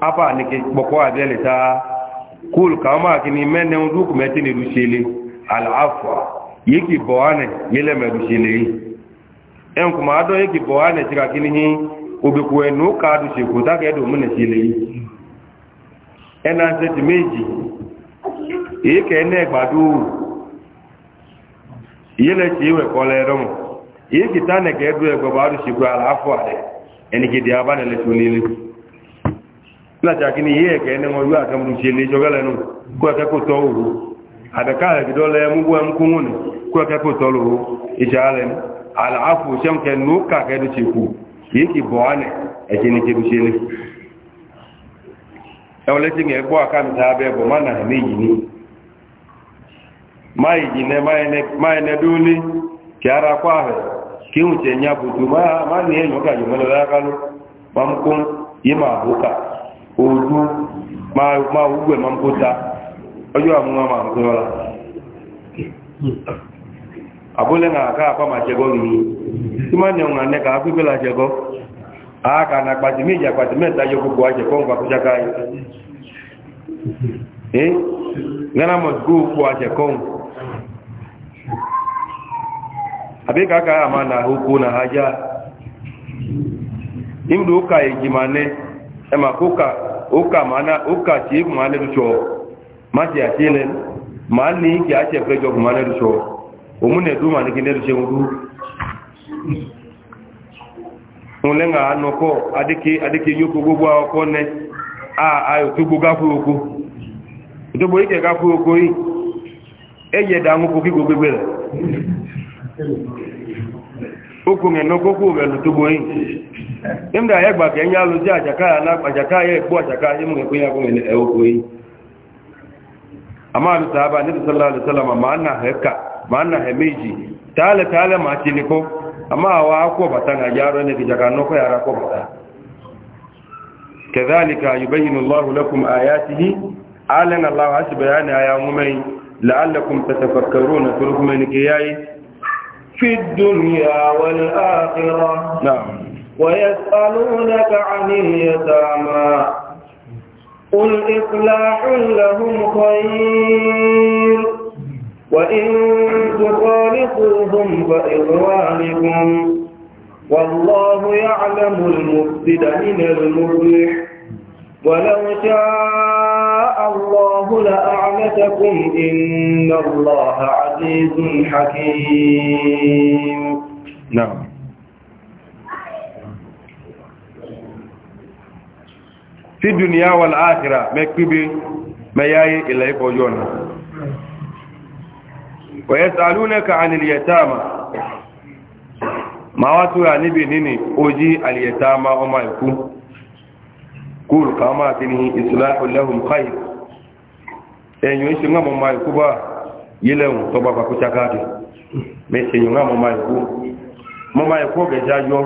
apa ni ke boko abele ta kul kama kini menne undu kumeti ni rushili al afwa yiki boane yele me rushili en kuma ado yiki boane tika kini hi obi ku enu ka du se ko ta ke do mun sile ena se meji e ke ne yele ti we le romo yìí kìtà nẹ̀kẹ́ ẹ̀dù ẹgbẹ̀bọ̀ àrùsìkò àlàáfọ́ rẹ̀ ẹnikìdì abánilẹ̀tò nílé látàkì ní yìí ẹ̀kẹ́ ẹni wọn yóò àkàmù ṣe lè jọ gẹ́lẹ́nu kó ẹ̀kẹ́ kò tọ́ òru àdàkà ẹ̀kìdọ́ lẹ mú wọn kún wọn kó ẹ̀kẹ́ kò tọ́ lòru ìjà alẹ́ àlàáfọ́ sẹ́mkẹ́ ló kàkẹ́ ló ṣe kù yìí kì lé ẹ̀wọ̀n lẹ́sí ń ẹ̀gbọ́ àkàmìta abẹ́ bọ̀ ní kí ara kó àfẹ́ ke wuce ya butu ma ma ne yin maka yin mana zakalu mamkun yi ma buka oju ma ma ugwe mamkuta ojo amu ma ma nkola abule na aka apa ma jego ni ima ne nga ne bela jego aka na pati mi ja pati meta yo ko gwa jego ngwa kuja kai eh abịa ka a ama na okwu na ha jaa imdu ụka ejimane maka ụka ụka mana ụka ti kumane chọọ ma ti atile ma ni ki ache prejo kumane rucho na-edu mane ki ne ruche ndu unlenga anoko adiki adiki yuko gbogbo ako ne a ayo tugu gafu oku tugu ike gafu oku yi eye da ngupo ki okùnrin ẹ̀nà kókó rẹ̀ lò tó borí nígbà ẹgbà kẹ́yìn alò sí àjàká ayé ẹ̀kọ́ àjàká ayé mú ẹ̀kọ́ yàgò ẹ̀kọ́ yìí àmà àlùsà àbá níbi sọ́lá àlùsọ́lá màá nà ẹ̀ka màá nà ẹ̀ méjì tààlẹ̀ tààlẹ̀ màá ti nìkọ́ àmà àwọ̀ akọ́ bàtà nàìjà rẹ̀ ní ìjàkà nọ́kọ́ yàrá kọ́ bàtà kẹzàlìkà yùbẹ́yìn lọ́hùn lẹ́kùn àyàtìhí alẹ́ nà láwọ̀ àṣìbẹ̀yà ní àyà في الدنيا والآخرة نعم ويسألونك عن اليتامى قل إصلاح لهم خير وإن تخالقوهم فإخوانكم والله يعلم المفسد من المصلح ولو شاء الله لأعنتكم إن الله عزيز حكيم نعم في الدنيا والآخرة مكتبي مياي إلا يقولون ويسألونك عن اليتامى ما واتوا نبي نيني أجي اليتامى وما يكون kúrò ká máa kí ní ìsìláhùn káyì ẹ̀yìn oṣù ńlá mọ́mọ́ ikú bá yílẹ̀hùn tọba pàkúta káàdì mẹ́sẹ̀yìn ńlá mọ́mọ́ ikú mọ́mọ́ ikú ọ̀gẹ̀jẹ̀ ayọ́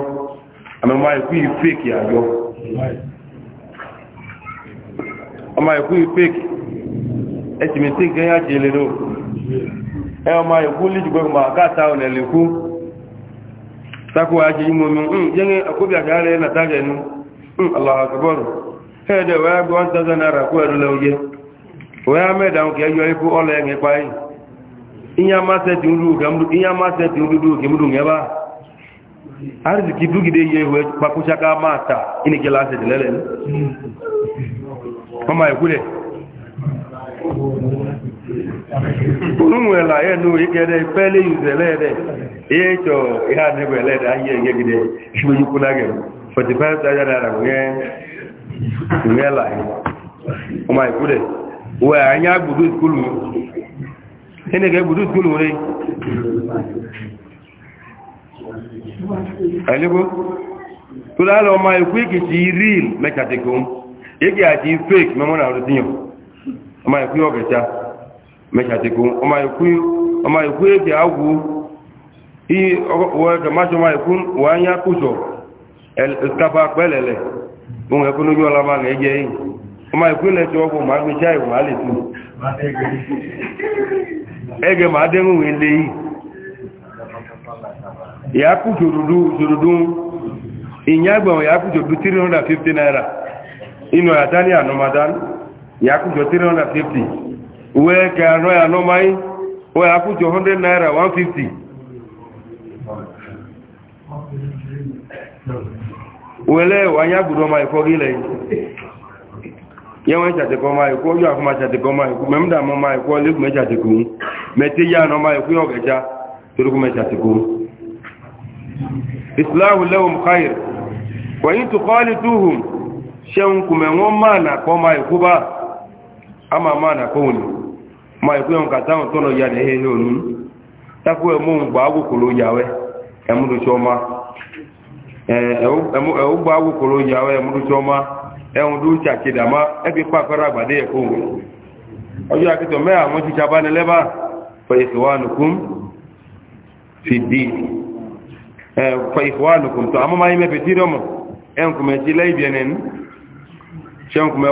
ikú yìí fèkì ọmọ ikú yìí fèkì gẹ́yà jẹ́ ló ẹ ọmọ ikú ẹ̀ẹ́dẹ̀ wẹ́ẹ́ gbọ́ 1000 naira kú ẹ̀rù lẹ́oyẹ́ wẹ́ẹ́ mẹ́dàun kẹ́ yọ ikú ọlọ ẹ̀yìn pa yìí iye amásẹ̀tì orúdú kèmúdù ẹ̀bá arzikì dúgidé ìwẹ̀ pakúṣaká máa ta inìkẹ́ lásẹ̀tì lẹ́lẹ̀ ọmọ ìkúlẹ̀ orúmù ẹ̀là ẹ̀nù ìkẹ́dẹ̀ pẹ́lẹ̀ ìzẹ̀lẹ́ẹ̀dẹ̀ ẹ̀ẹ́tọ̀ ìhà nígbẹ̀lẹ́dẹ̀ ayé ẹ̀gẹ́gẹ́gẹ́ 45,000 naira ìwé ọmọ ìkú rẹ̀ wẹ́ àyá gbùdú ìkúlù ẹnìkẹ́ gbùdú ìkúlù rẹ̀ ẹ̀lẹ́gbó ọmọ ìkú ìkìsí ríl ọmọ ìkú ọ̀gẹ̀ta mẹ́tàtẹ̀kùn ọmọ ìkú èkì ọmọ ìkú wọ́n yá òun ẹkún lójú ọlọ́mà rẹ̀ jẹ́ yìí ọmọ ìpínlẹ̀ tí ọkùn ma gbé ṣáà ìwọ̀n alẹ́ tún ẹgẹ máa dẹ́rùn ilé yìí ìyàkú jòdòdó ìyàgbọ̀n ìyàkú jòdòdó 350 naira inú àtá ní ànọmọdán ìyàkú jọ 350 ìwé ẹkẹ 100 naira 150 wele wanya gburu ọma ikwo gị ilẹ̀ ya nwe chatekọ ọma ikwo oyi afụma chatekọ ọma ikwo mgbe m da ama ọma ikwo ole kume chatekọ m mete ya na ọma ikwo ya ọgacha toro kume chatekọ m islahu lewum khair wani tukọli tuhum shan nkume nwe ma na kọ ọma ikwo ba ama ma na kọ wuni ma ikwo ya nkata ahụ tọnọ ya na ihe ihe onu takwa emu mgbe agwụkwụrụ yawe emuduchi ọma ẹ̀wọ́gbà awókòrò ìyàwó ẹmúrúsọ ọmá ẹ̀hùn tó ń ṣàkídà má ẹgbẹ́ pàfẹ́rẹ́ àgbàdé ẹ̀kọ́ òun ọjọ́ akẹ́tọ̀ mẹ́ra àwọn ti ṣabánilẹ́bà fẹ̀yìfẹ̀wánukún fìdí fẹ̀yìfẹ̀wánukún tó àmọ́ máa ń mẹ́fẹ̀ tí rọ́mọ̀ nkume ti lẹ́yìn ẹ̀nẹ́nu ṣẹ̀hùnkùnmẹ́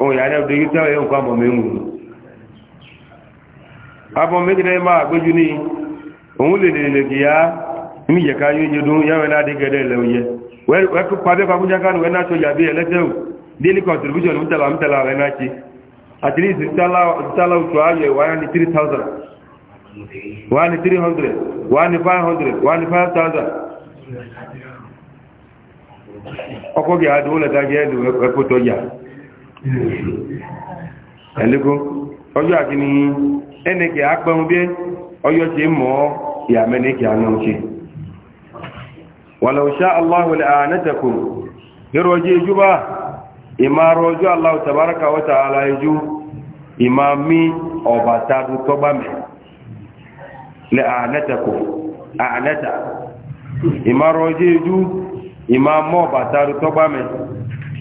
ohun yàrá ọdún yìí tẹ́wọ̀ yóò kọ́ àbọ̀ mi ń wù abọ́ méjìlẹ̀ máa gbójú ní òun lè lè kì yá ní ìyẹ̀ká yóò yẹ dún yáwẹ̀ náà dé gẹ̀ẹ́dẹ̀ ilẹ̀ òye wẹ́kú pàbẹ́ pàkújá kánú wẹ́ náà sọjà bí ẹlẹ́tẹ̀wò daily contribution 3000 ọkọ̀ ẹ̀lẹ́kọ́ ọjọ́ àti ní ẹnẹ́kẹ́ agbẹ̀hún bí ọjọ́ ti mọ́ ìyàmẹ́nẹ́kẹ́ anáwọ́ṣe wàlọ̀ṣá aláhùlẹ̀ àánẹ́tẹ̀kù yọ́rọ̀jú ijú bá ìmárọ̀ ọjọ́ aláhù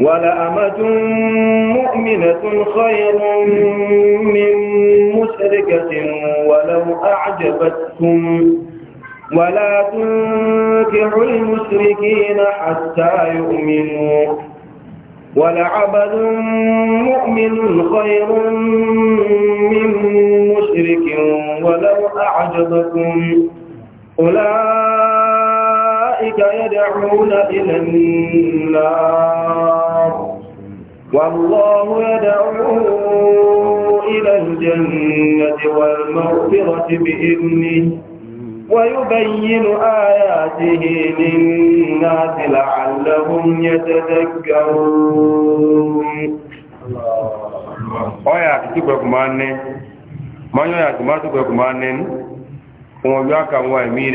ولأمة مؤمنة خير من مشركة ولو أعجبتكم ولا تنكحوا المشركين حتى يؤمنوا ولعبد مؤمن خير من مشرك ولو أعجبكم أولئك أولئك يدعون إلى النار والله يدعو إلى الجنة والمغفرة بإذنه ويبين آياته للناس لعلهم يتذكرون ọ̀yà àti túgbẹ̀kùn máa ń ní mọ́yọ́ àti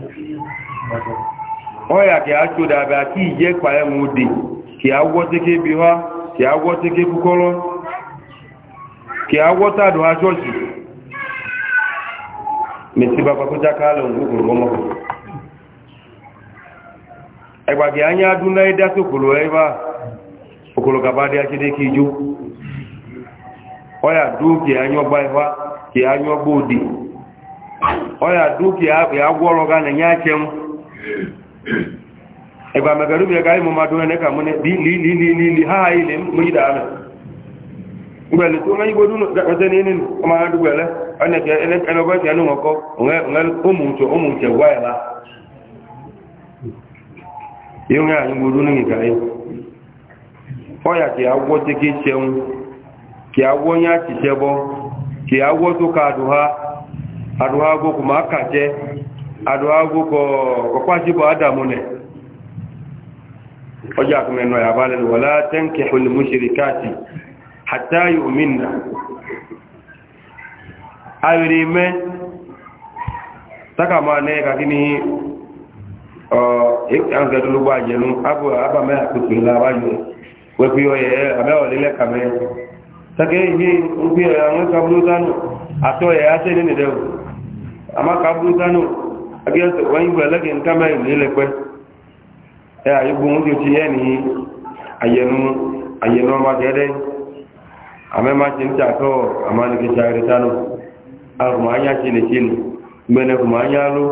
ọya ka a choda abịa ka ije kpa ya ma ode ka a gwọteke ebe ha ka a gwọteke kwukọrọ ka a gwọta adụ ha chọọchị mesiba gbakọta ka ala ngwụ kwuru ọmọ ẹgbà gị anya adụ na ịda sokoro ebe a okoro gaba dị achideke ijo ọya du ka anya ọgba ịwa ka anya ọgba ode ọya du ka agwọ ọrụ ga na-enye achịm ẹgbà mẹ̀kẹ̀rúbì ẹgbà ìmọ̀ máa dúnrẹ́ nẹ́kà mọ́ ní lílílílí ha ilẹ̀ mọ́jídà rẹ̀ ìgbẹ̀lẹ̀ tó mẹ́yí gbódú ọjọ́ ní inú ọmọ adúgbẹ̀lẹ́ ẹnẹgbẹ̀ẹ́ ẹnu ọkọ́ òmùntẹ̀ wá ẹ̀lá yóò ní ìgbà yìí ọyà kì awọ́ ka àdùhá aduago ko ko kwaji bo adamu ne oja kuma no ya bale wala tankihu al mushrikati hatta yu'minna awrime taka ma ne ka kini o abu aba me akutu la ba yu we ku yo ye abe ato ye ni de ama ka akíyànsẹ̀ wọ́n yíwọ̀ ẹlẹ́gẹ̀ ní kámẹ́ ìlú ilẹ̀pẹ́ ẹ àyíkú ń tó ti yẹ́ ní àyẹnu àyẹnu ọmọ akẹ́dẹ́ àmẹ́má ti ń tàkọ́ àmánìkíṣà ìrìtánù àrùmáyá ti lè ṣínú gbẹnẹkùmáyá ló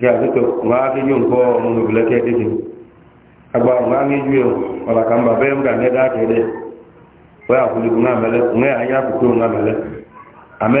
kí àtúntò wọn á fi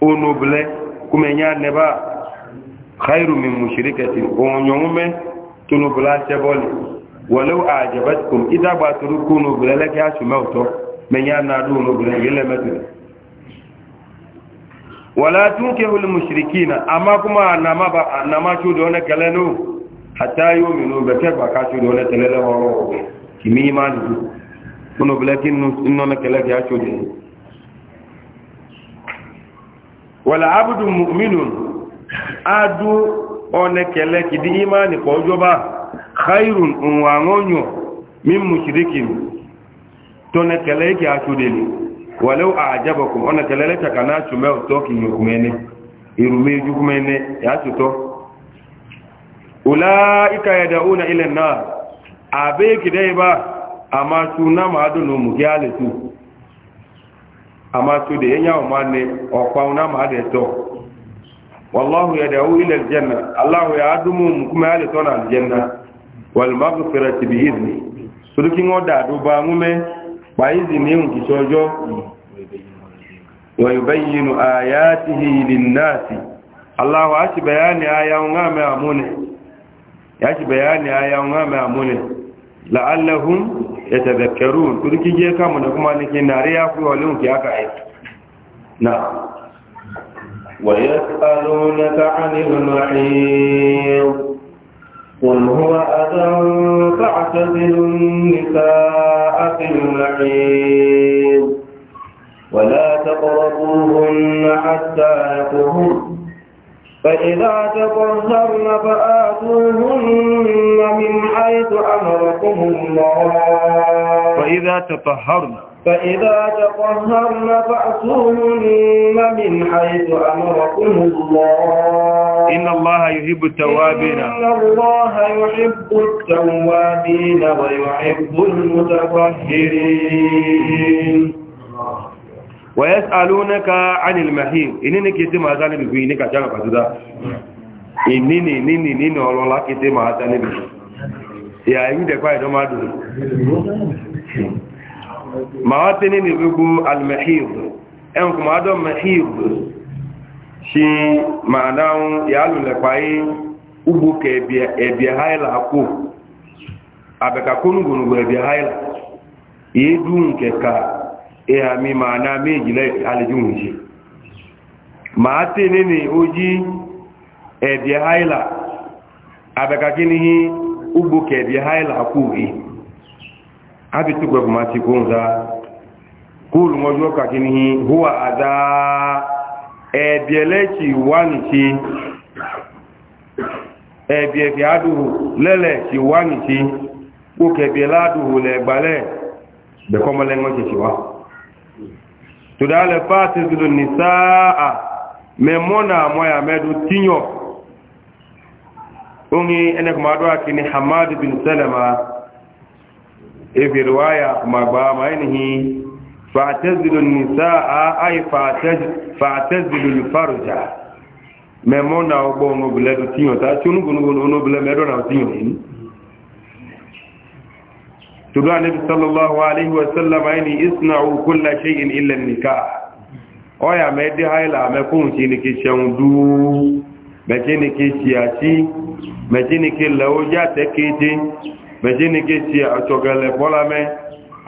ono blɛ kume nya neba khairu min mushrikatin onyo me tunu bla cheboli walau ajabatkum idha ba turukunu blɛ la kya su mauto nya na du no blɛ gele wala tunkihu al mushrikina amma kuma anama ba anama chu do ne kalenu hatta yu'minu bi ka ba ka chu do ne telele ho kimi man du kuno blɛ kin no ne kala kya chu de wala abdu mu'minun adu onekele kidi imani ko joba khairun unwa ngonyo min mushrikin tonekele ki achudeli walau a'jabakum onekele ta kana chume utoki yukumene irume yukumene yachuto ulaika yad'una ila an-nar abe kidai ba amma tuna ma adunu mu kyale su amma to da yanya wa mane o kwauna ma da to wallahu yad'u ila aljanna allah ya adumu kuma ya to na aljanna wal maghfirati bi idni suluki ngoda do ba mume ba izini un kichojo wa yubayyinu ayatihi lin-nasi allah wa ashi bayani aya ngame amune ya ashi bayani aya ngame amune la'allahum yatadhakkarun turki je kama da kuma nake nare ya kuwa lin ki aka aiki na wa yas'alunaka 'anil mahiyy qul huwa adan fa'tazilun nisaa fil mahiyy ولا تقربوهن حتى يطهرن فإذا تطهرن فآتوهن من حيث أمركم الله فإذا تطهرن فإذا تطهرن فأتوهن من حيث أمركم الله إن الله يحب التوابين إن الله يحب التوابين ويحب المتطهرين wa yas'alunaka 'anil mahim inini kiti ma zani bi ni ka jana patuda inini nini nini olola kiti ma zani bi ya yi de kwa do ma du ma watini ni gugu al mahim en kuma do mahim shi ma'ana ya lu le pai ubu ke bi e bi haila ko abeka kunu gunu bi haila yedun ke ka ìhà mi máa ná méjìlẹ̀ àlejò òun ṣe máa tè nínú ojí ẹ̀dì haila abẹ́kakí ní ugbó kẹ̀dì haila kú rí ábí tó gbẹ̀kùn máa ti kó ń dá kóòlù mọ́jú kàkí ní húwà àdá ẹ̀dì ẹlẹ́kì wà ní ṣe ẹ̀dì ẹ̀fì adùhù lẹ́lẹ̀ ṣe wà ní ṣe ó kẹ̀dì ẹládùhù lẹ̀gbálẹ̀ bẹ̀kọ́mọ́lẹ́gbọ́n ṣe ṣe wá. tudale fati zulu nisaa memona moya medu tinyo ungi ene kuma do akini hamad bin salama e bi riwaya kuma ba ma inhi fa'tazilu nisaa ay fa'taz fa'tazilu farja memona ogbongo biledu tinyo ta chunu gunu gunu no bile medo na tinyo ni tudu anabi sallallahu alaihi wasallam aini isna'u kulla shay'in illa nikah oya me di haila me kun ti ni ki seun du me ti ni ki ti ati me ti ni ki lawoja te kete me ti ni ki ti atogale bola me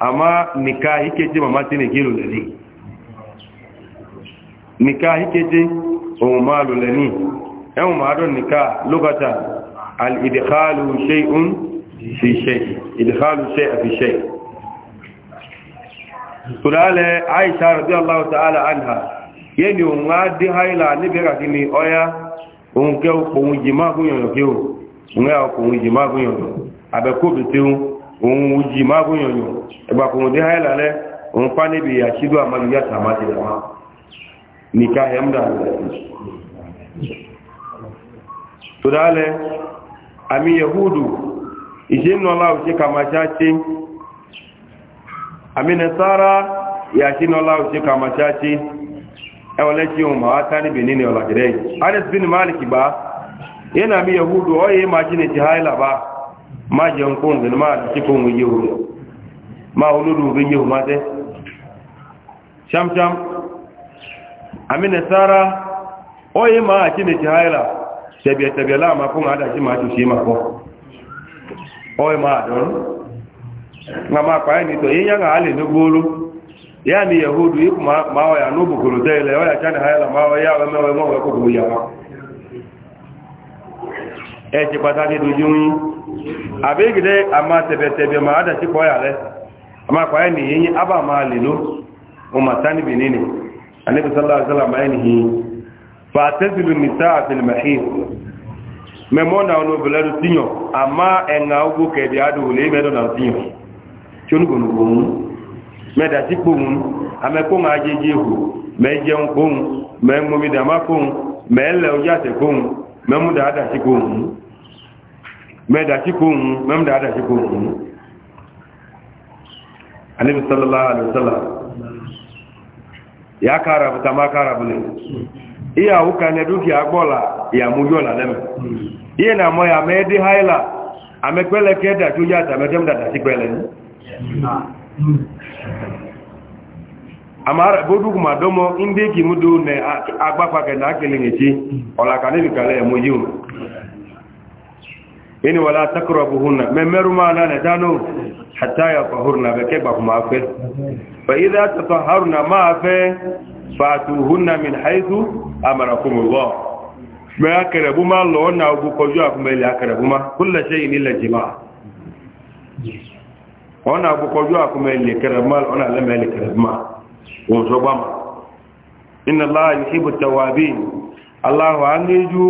ama nikah ikete mama ti ni kilu le al idkhalu shay'un fi shay'in idkhalu shay'a fi shay'in aisha radiyallahu ta'ala anha yeni unga di haila ni bega kini oya unke ko jima ku yoyo kiu unga ko jima ku yoyo abe ko bi tiu ya ìṣe nù ọlá òṣè kàmàṣá ṣe àmìnà sára ìyàṣe nù ọlá òṣè kàmàṣá ṣe ẹwọlẹ́ ṣe ohun màá tá níbi nínú ọ̀là jẹ́rẹ́ bin malik bá yé mí yahudu ọ̀ yé máa jíne ti haila bá má jẹun kó nǹkan máa ti kó ohun yé ohun máa olódùn bí yé ohun máa tẹ́ ṣamṣam àmìnà oye ma don nga ma kwa ni to yinya nga ale no gbolu ya ni yahudu yi ma ma wa ya no bukuru de le wa ya chani hayala ma wa ya wa me wa mo ko bu ya ma e ti pata ni duju yi abe gide ama tebe tebe ma ada ti ko ya le ama kwa ni yinya aba ma le no o ma tani bi nini annabi sallallahu alaihi wasallam ayni fa tazilu nisaa memo na ono belado tinyo ama enga ugo ke bi adu le medo na tinyo chonu gonu gonu me da mun ame ko jeje hu me je me mo mi dama ma ko me le o ja te ko me mu da da ti ko me da da anabi sallallahu ya kara ma kara bule iye na mọ ya mẹ dé haila amẹpẹlẹ kẹdà tó yá àtàmẹtẹm dàtà sí pẹlẹ ní àmà bódúkùmà dọmọ ndé kì mú dóò nẹ agbápakẹ náà kẹlẹ nìtí ọ̀làkà níbi kalẹ̀ ẹ̀mọ yíò inú wà láà takọrọ bú hùn náà mẹ́mẹ́rú máa náà nẹ̀dánù àtàyà fàhùrù fẹ́ fẹ̀yídá tàtàhàrù náà máa fẹ́ fàtùhùn náà min mgbe akara buma lụọ na ogbokoju akụmeli akara buma kụlache ile jima ọ na-agbokoju akụmeli karabuma ọ na-alemeli karabuma ụzọ gbama inna allah yuhibbu tawabin allah aniju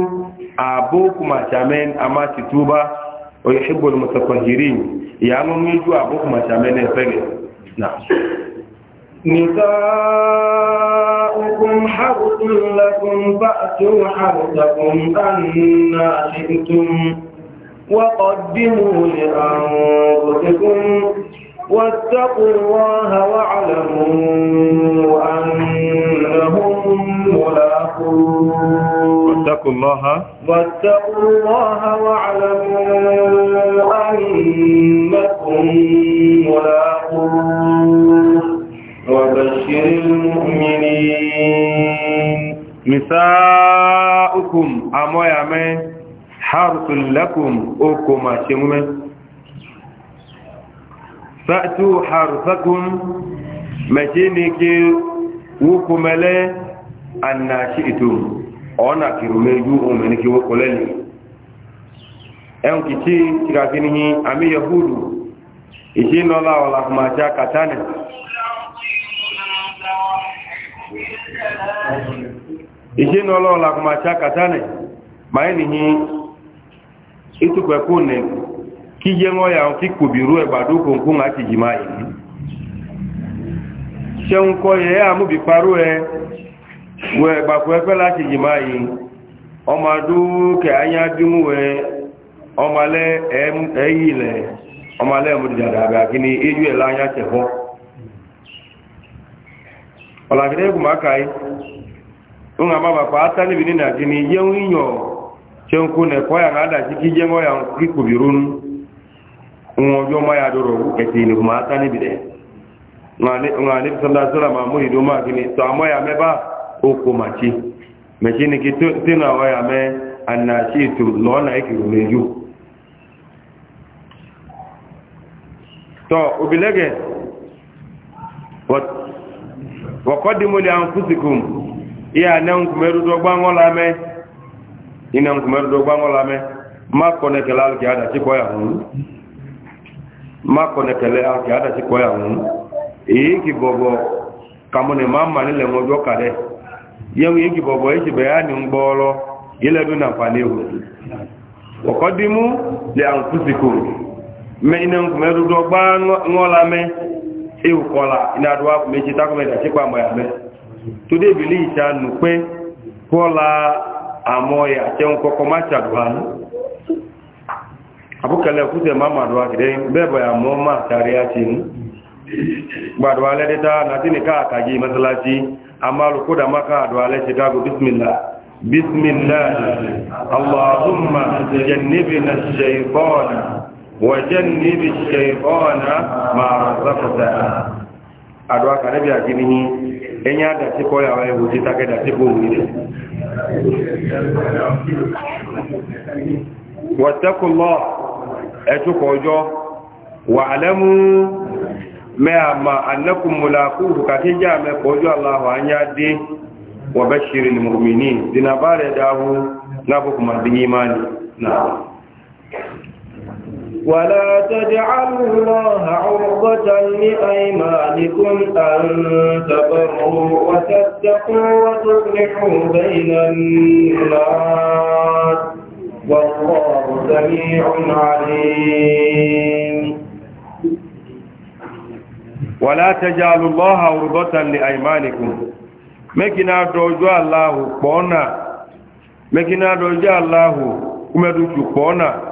abu kuma chamen ama tituba wa yuhibbu almutafakkirin ya anu niju abu kuma na نساؤكم حرث لكم فأتوا حرثكم أنا شئتم وقدموا لأنفسكم واتقوا الله واعلموا أنهم ملاقون واتقوا الله واتقوا الله واعلموا أنكم ملاقون وبشر المؤمنين نساؤكم أمويامي حرث لكم أكما شمومي فأتوا حرثكم مجينك وكملي أن شئتم أنا كرمي منك وكلالي أنك تي تراكينه أمي يهود إجينا الله ولا ما جاء كتانه ìṣe ní ọlọ́run lagunmọ̀ àti àkàtánì máa ní ní ìtùpẹ̀kù ní kí yẹ wọ́n yà ń kí kòbìrú ẹ̀gbàdó kòǹkún àti jìmá yìí ṣẹun kọ yẹ àmúbi parú ẹ wọ ẹ̀gbàkú ẹfẹ́ láti jìmá yìí ọmọ adókè ayádúmú ẹ ẹ̀yìn ẹ̀mú kí ni ẹ̀ láyà ọ̀làgídẹ́ ẹ̀kùn máa káyí ó ń àmà bàpá átánìbì nínú àti ní yẹun yíyàn ṣe ń kó nẹ̀kọ́ yà ńlá dàjí kí jẹ́ wọ́n yà ń kí kò bí rónú wọn ọjọ́ máa yà dọ̀rọ̀ ẹ̀tẹ̀ ìnìkùn máa átánìbì dẹ̀ ń àlẹ́ sọ́dá sọ́dá máa mú ìdó máa kí ni tọ́ àmọ́ yà mẹ́ bá oko màchi mẹ́ṣí ni kí tẹ́nà àwọn mẹ́ ànàṣì ètò lọ́nà ìkìrò lẹ́yù وقدموا لأنفسكم إيا نانكم مردو a لامي إنانكم مردو بانغو لامي ما كونك لالك هذا تكويا هون ما كونك لالك هذا تكويا هون إيكي بوبو kamune mama nile mojo kade yau yiki bobo yiki bayani ile anfusikum ewu kọla iná adúwá kò méjì tákọ̀mẹ́dà sí pàmọ́ ìyàmẹ́ tó dé ìbílí ìṣàánú pé kọ́la àmọ́ ìyàtẹ́hun kọ́kọ́ má ṣàdùwá ya àbúkẹ́lẹ̀ kúsẹ̀ má màdùwá kìdẹ́ bẹ́ẹ̀bọ̀ àmọ́ má tàrí àti ní gbàdùwá ka láti ní káàkàjì mẹ́sàlájì amálùkúdà má káàdùwá بسم الله اللهم الشيطان وجنب الشيطان ما رزقتنا adwa ka nabi akini ni enya da ti ko ya wa ewu ti ta ke da ti bo ni wa taqullah etu ko jo wa alamu ma ma annakum mulaquhu ka ti ja me ko jo allah wa anya de wa bashiril mu'minin dinabare dahu na bu kuma din imani na ولا تجعلوا الله عرضة لأيمانكم أن تبروا وتتقوا وتصلحوا بين الناس والله سميع عليم ولا تجعلوا الله عرضة لأيمانكم مكنا دوجو الله قونا مكنا دوجو الله كمدوجو قونا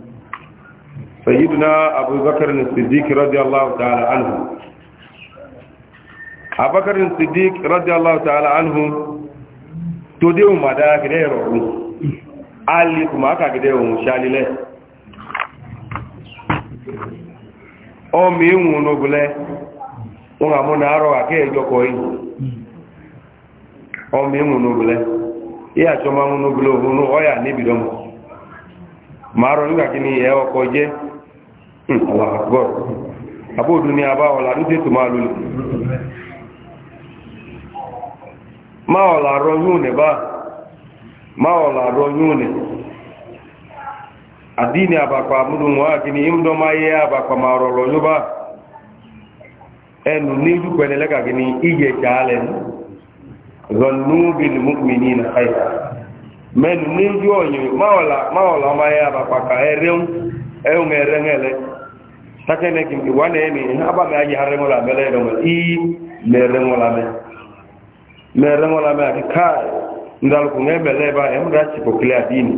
sayyiduna abubakar siddiq radiyallahu ta'ala anhu abubakar siddiq radiyallahu ta'ala anhu to de o mada gide ro ali kuma ka gide o shalile o mi won no gule na ro ake ejo ko yi o mi won no gule e ma oya ni Allah akbar abo dunia ba ola du tu ma lulu ma ola ro yune ba ma ola ro yune adini aba kwa mudu mwa kini imdo ma ye aba kwa ma ro ro yuba enu ni ju kwene lega kini ije chale zannu bil mu'minina khayra men ni ju onyo ma ola ma ola ma ye aba kwa ka ereun eun erengele sakene kim ki wane mi aba me aji harre ngola me le ngola i me re ngola me me re ngola me ki kai ndal ku nge me le ba em da ci ko kila dini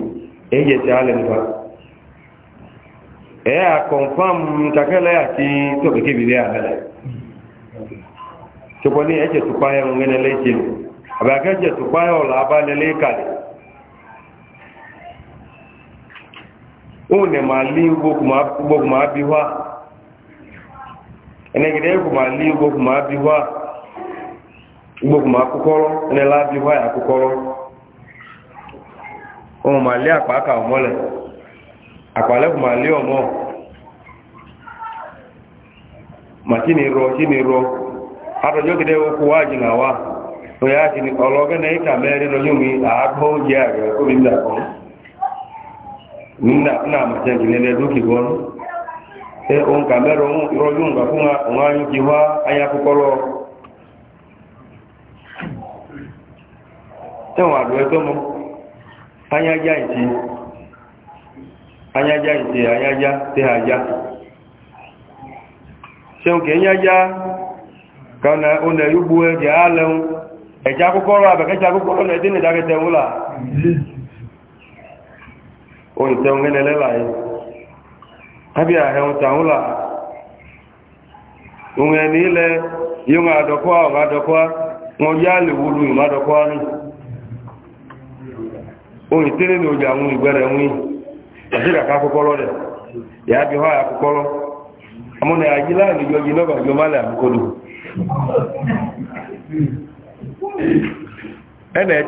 e je ta e a confirm takele ya ti to be ki bi ya le to ko ni e je tu pa ya ngene le ti aba ka je tu pa ya la ba le le ka le o ne ma li gbogbo ma bi wa enegide kuma li ugbo kuma abihwa ugbo kuma akụkọrọ enela abihwa ya akụkọrọ ụmụ ma li akpa aka ọmọle akpale kuma li ọmọ ma chini ruo chini ruo adọjọgide okwu wa ji na wa onye a chini ọlọgọ e on kamero roju nga kunga nganyu jiwa aya kukolo te wa do to mo aya ja nti aya ja nti aya ja te aja se o ke ja kana ona yubu e ja alu e ja kukolo abeke ja kukolo ne dine da ke te wula o nte ngene le lai abi ahe nwụta ụlọ onwe niile yonwe adọkwa ọma adọkwa onye ya ma adọkwa nụ O tere na oji anwụ igwere nwi ọdịga ka akwụkwọrọ rẹ ya bi hụ ya na ya jila na nọba jomala amụkodo ẹnna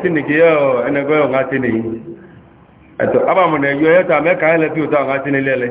na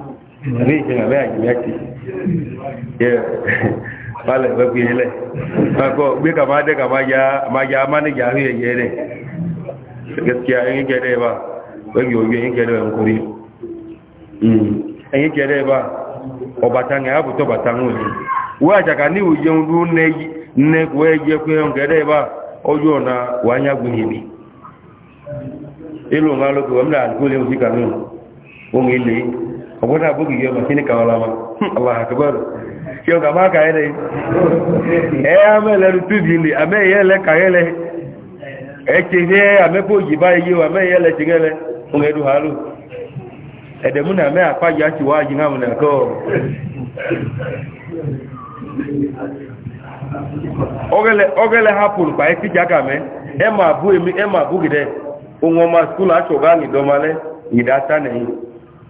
àbí ìṣẹ̀lẹ̀ àbẹ́ àjùmíà ti balẹ̀ bẹ́ fi ilẹ̀ ya mánéjà rí ẹ̀yẹ rẹ̀ gẹ́gẹ́ ẹ̀yìn kẹ́rẹ́ bá wẹ́gbẹ̀ ògbé ẹ̀yìn kẹ́rẹ́ ẹ̀ ń kórí hmm. ẹ̀yìn kẹ́rẹ́ bá ọ̀bàtà ní àbùtọ̀ bàtà ń wòye wọ́n àjàkà ní òjẹun ló ọgbọ́n àbúgbì ka mọ̀ kí ní kàwàlá wọn aláàkùbọ́rù kí o kà máa kàyẹ́ lẹ́yìn ẹ̀yà amẹ́lẹ́rù túbì lè e kàyẹ́ lẹ́ ẹ̀kẹ́ ní amẹ́kọ́ òjì báyìí wà amẹ́yẹ́lẹ́ ti gẹ́lẹ́ ohun ẹ̀dù hàálù ẹ̀dẹ̀mú ní amẹ́ e ti wá yìí e ma ọgẹ́lẹ́ e pàẹ́ sí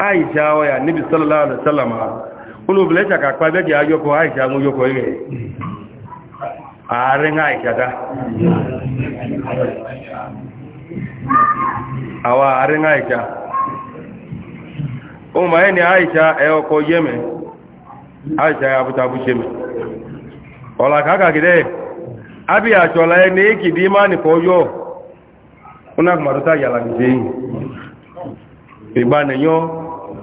aisha waya nabi sallallahu alaihi wasallam ulu bile chaka kwa bege ajoko aisha mu yoko ile are aisha awa are aisha o ma ni aisha e oko yeme aisha ya buta bu sheme ola kaka gide abi achola e ni kidi mani ko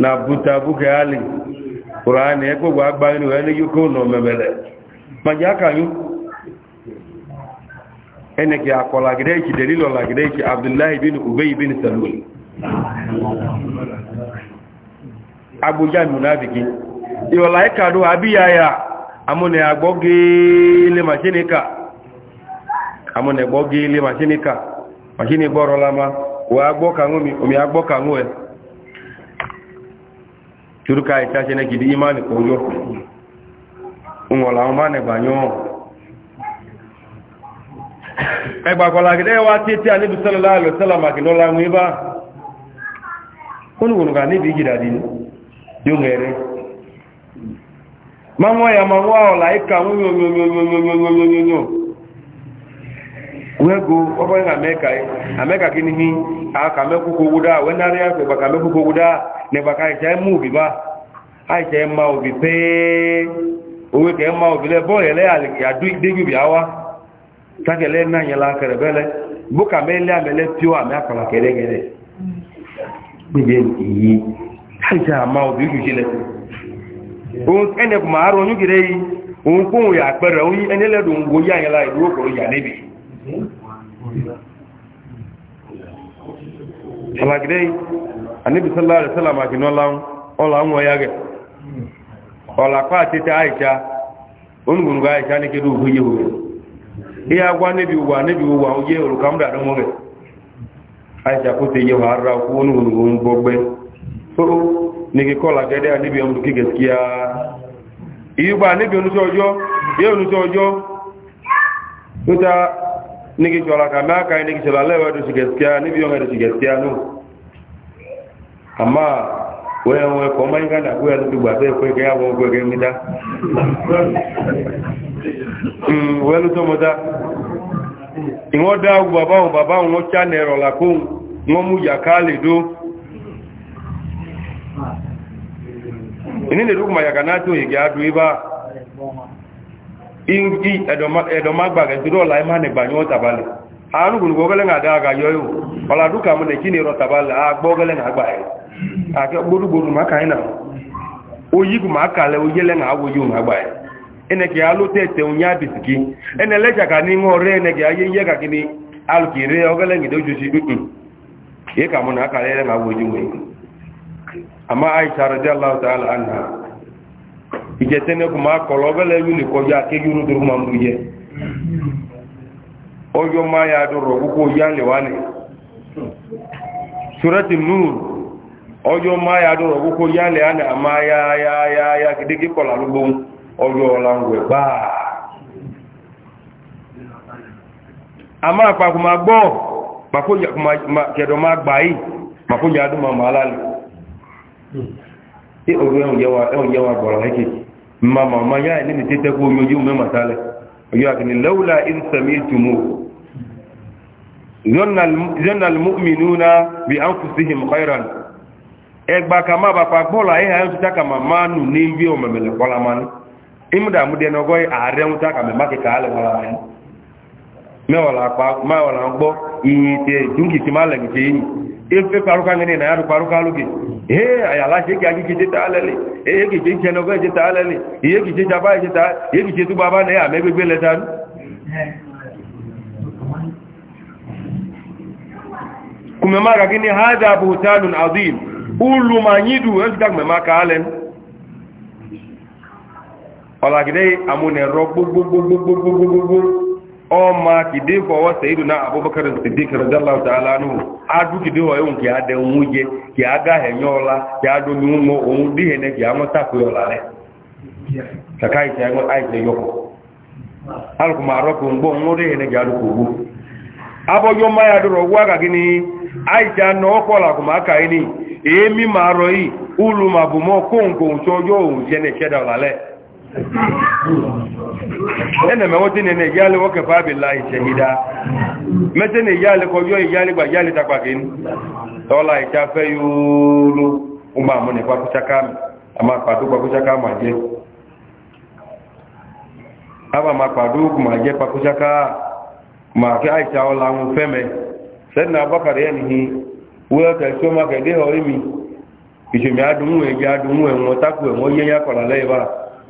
na buta buke ali ƙura'ani ya e gbogbo agba inu ẹni yíò kó nọ mẹ́mẹ́lẹ̀ màjí akàyún ẹni kí akọ̀lagidẹ́ ìkì dẹ̀lílọ̀ lagidẹ́ ìkì abdullahi bin ubeyi bin saluli, Abuja munafiki ìwọ̀lá ìkàdó abíyáyà amúnẹ agbọ́gẹ́lẹ́ màṣíníkà amúnẹ gbọ́gẹ́lẹ́ màṣíníkà màṣíní gbọ́rọ̀ lama wà agbọ́kànú mi omi agbọ́kànú ẹ̀ turuka itace na gidi imani kojo ungola ma ne banyo e ba kola gide wa titi ani bi sallallahu alaihi wasallam ki dola mu iba kunu kunu ga ni bi gida din yo ngere mamo ya mamo wa laika mu yo wego ọgbọ́n ga mẹ́ka amẹ́ka kí ní aka mẹ́kúkú gúdá wẹ́nàrí àpẹ baka mẹ́kúkú gúdá nẹ̀bàká ìṣẹ́ mú òbí bá àìṣẹ́ ma òbí pẹ́ẹ́ owó kẹ́ ma òbí lẹ́ bọ́ọ̀lẹ́ àdúgbébì àwá tákẹ̀lẹ́ náyẹ̀lá kẹrẹ̀bẹ́lẹ́ bókà mẹ́lẹ́ àmẹ́lẹ́ tí ó àmẹ́ àkàlà kẹ́rẹ́gẹ́rẹ́ alagide anibi sallallahu alaihi wasallam akinu ọla ń wọ ya gẹ ọla kọ Aisha, àìsá onugbonu ga àìsá ya Iya agwa níbi wà níbi wà ó yẹ òrùka ń dàdé mọ́ rẹ̀ àìsá kó tẹ yẹ wà ara kó anibi anibi nigi chola kama kai nigi chola lewa du sigeskia ni biyonga du sigeskia nu ama wewe wewe kwa mainga na kwa ndu babe kwa kwa yabo kwa kwa mida mm wewe to moda ingoda baba baba ngo chanero la kun ngo muja kali do ini ne dukuma yakanato yiga du iba inji ẹ̀dọ̀má gbàgẹ̀dúró ola ime nìgbà yóò tàbálẹ̀ àánú nga ọgẹ́lẹ́ ń àdá àgà yọ yóò ọ̀la dúkà na nìkí nìrọ̀ tàbálẹ̀ àgbọ́ ọgẹ́lẹ́ ń àgbà ẹ̀ àti gbódúgbòdù má na náà oyí kù má kàlẹ̀ oyẹ́lẹ́ alụ àwọ̀ yóò àgbà ẹ̀ ẹnẹ̀kẹ́ aló tẹ̀tẹ̀ òun yá na ẹnẹ̀ lẹ́jàkà ní ń ọrẹ́ ẹnẹ̀kẹ́ ayé yẹ kàkí ni alùkìrẹ ọgẹ́lẹ́ ń ìdójú sí dùn yé kà mú nà kàlẹ́ ẹ̀ ń àwọ̀ yóò àmà àìsà rẹ̀ dẹ́ aláwọ̀ ìjẹtẹni kò máa kọ̀ lọ́bẹ̀lẹ̀ yìí lè kọjá akéjúrú tó máa mú yẹ ọjọ́ máa yà dọ̀rọ̀ púpọ̀ yá lè wá ní ṣúrẹ́tì núù ọjọ́ máa yà dọ̀rọ̀ púpọ̀ yá lè á ní àmá yá yá ya yá kìdíkì kọ̀lá lógbó ọjọ́ ọ̀làǹwẹ̀ gbáà àmá àpapọ̀ máa gbọ́ kẹ̀dọ̀ máa gbà yìí màkójà adúmọ̀ màálà lè ọjọ́ ẹ̀hùn yẹwà gbọ̀rọ̀ ẹ̀kẹ́kẹ́ mama ma ya ni mi tete ko mi yum ma tale yo ak ni laula in sami'tumu zanna al mu'minuna bi anfusihim khairan egba kama ba pa gbola e ha yo ta kama manu ni bi o memele kola man imda mu de no goy are un ta kama make ka ale wala ni mẹ́wàlá pa mẹ́wàlá ń gbọ́ iye tẹ dúnkìkì má lẹ̀gì tẹ yìí efe paruka ngene na yaru paruka luki he ayala je ki agi kije ta lele e ki je je no je ta lele e ki je jaba je ta e ki je tu baba ne ame gbegbe le tan kumemaka kini hadha buhtanun adhim ulu manyidu ezga kumemaka alen ọlagide amune ro gbogbogbogbogbogbogbogbo ọma kìdí fọwọ́ sẹ́yìdù náà abubakar siddiq rẹ̀dọ́lá ta'ala nù adú kìdí wọ̀ ẹ̀hùn kì á dẹ ohun jẹ kì á gá ọlá kì á domi ń mọ kì á mọ́ tàkó rẹ̀ kàkà ìṣẹ́ yọkọ̀ alùpùpù máa ń ohun díhẹ̀ náà kì á dùkọ̀ ògbó. abọ́jọ́ máa dọ̀rọ̀ ni àná ọkọ̀ ẹnà mẹ́wọ́n tí nẹ̀nà ìyálẹ̀ wọ́n kẹfà àbìlá ìṣẹ̀hìdá mẹ́tẹ́ nà ìyálẹ̀ kọjọ́ ìyálẹ̀ gbà ìyálẹ̀ tapàkì ní tọ́lá ìjáfẹ́ yóò ló ọmọ àmúnẹ̀ pàkúṣákámi àmà pàdó pàkúṣákámi àjẹ́ aba ma kpado kuma jẹ pakusaka ma ke aisha ọla ń fẹmẹ sẹni abakar yẹn ni wúlọ tẹsí ọmọ kẹdẹ ọrí mi ìṣòmí adùnmù ẹgbẹ adùnmù ẹwọn takù ẹwọn yẹnyà kọlà lẹyìn bára.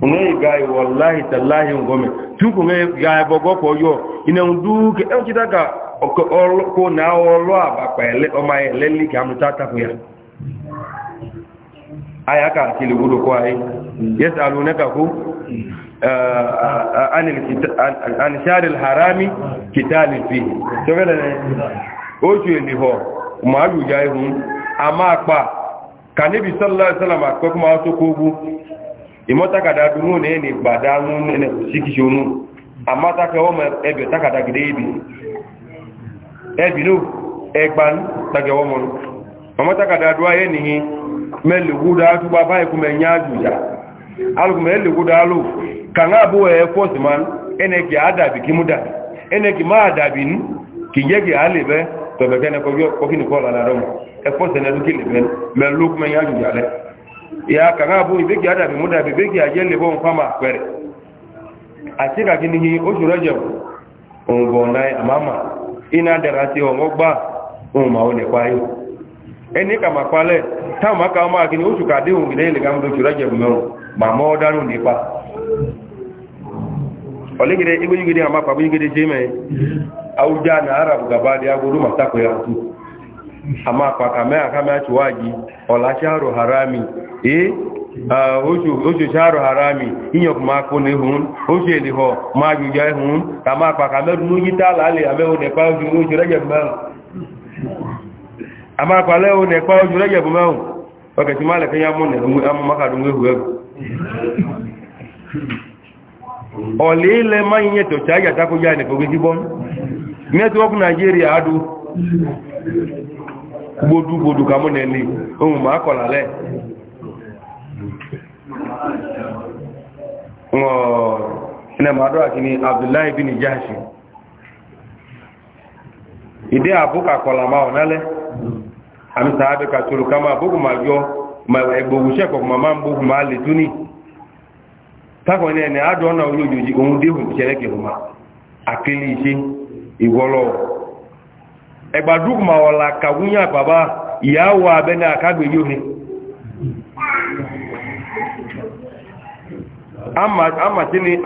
ngai gai wallahi tallahi ngome tuku ngai gai bogo ko yo ina nduke e chita ka ko na olo aba pele o mai leli ka mutata ko ya aya ka kili gudu ko ai yasalunaka ku eh, eh, eh, an an shar al harami qital to gele ne o ju ni ho ma ju jai hun ama pa kanibi sallallahu alaihi wasallam ko ìmọ́tàkàdá dúnú ní ẹni gbàdá ń ẹni síkìṣẹ́ onú àmátàkà ọmọ ẹbẹ̀ tàkàdá gidé ibi ẹbì ló ẹgbà tàkà ọmọ ọmọtàkàdá dúwá yẹ nìyí mẹ́lẹ̀gúdá túbá báyìí kú mẹ́nyá jùjá alùkùnmẹ́ ẹlẹ́gúdá lò kàńgá bó ẹ fọ́sì man ẹnẹ kì á dàbí kí mú dà ẹnẹ kì má dàbí ní kì yẹ kì ya kàrá bó ìbégi adàbí mú dàbí bégi àjẹ́ lè bọ́ nǹkan máa pẹ̀rẹ̀ àti kàkí ni oṣù rẹ́jẹ̀ òǹbọ̀ náà àmàmà iná dára sí ọ̀wọ́ gbà ohun màá lè parí ẹni kàmà palẹ̀ táwọn máa kàwọn máa kí ni oṣù kàdé òun ilé ìlẹ̀gá mú oṣù rẹ́jẹ̀ mẹ́rùn ibu ọ̀dánù nípa ọ̀lẹ́gẹ̀dẹ̀ igbóyígẹ̀dẹ̀ àmàpàgbóyígẹ̀dẹ̀ jẹ́ mẹ́ àwùjá náà arab gàbá ama apakamɛ akamɛ atsuwaji ɔlatsiaro harami ee oṣù sáàrọ̀ ara mi yíyàn kò máa kó ní hun oṣù èlèhọ̀ máa jùjọ ẹ̀hún ta máa pàkà mẹ́rin ní yíta lálẹ́ àmẹ́hùn nẹ̀pá oṣù oṣù rẹ́jẹ̀bù mẹ́rùn a máa pàlẹ́ ohun nẹ̀pá oṣù rẹ́jẹ̀bù mẹ́rùn ọkẹ̀ tí máa lẹ̀kẹ́ yámú nẹ̀mú mákàdùn gbódúgbódú kamú nẹni ohun ma kọ̀ lálẹ́ ẹ̀nà màdọ́wà kí ni abdullahi bin jahashi ìdí àbúkà kọ̀lá ma ọ̀ nálẹ́ àmì sàábẹ̀ kàtòrò ká máa bókù máa yọ ẹgbògùn sẹ́kọ̀ọ́ ma máa ń bókù máa lè tún ní tákọ̀ ní ẹni àádọ́ náà olóòjòjì ohun déhùn ìṣẹ́lẹ̀kẹ̀ ẹgbà dúkùmà ọ̀la kàgúnyà bàbá ìyàwó abẹ́ni àkágbè yóò ní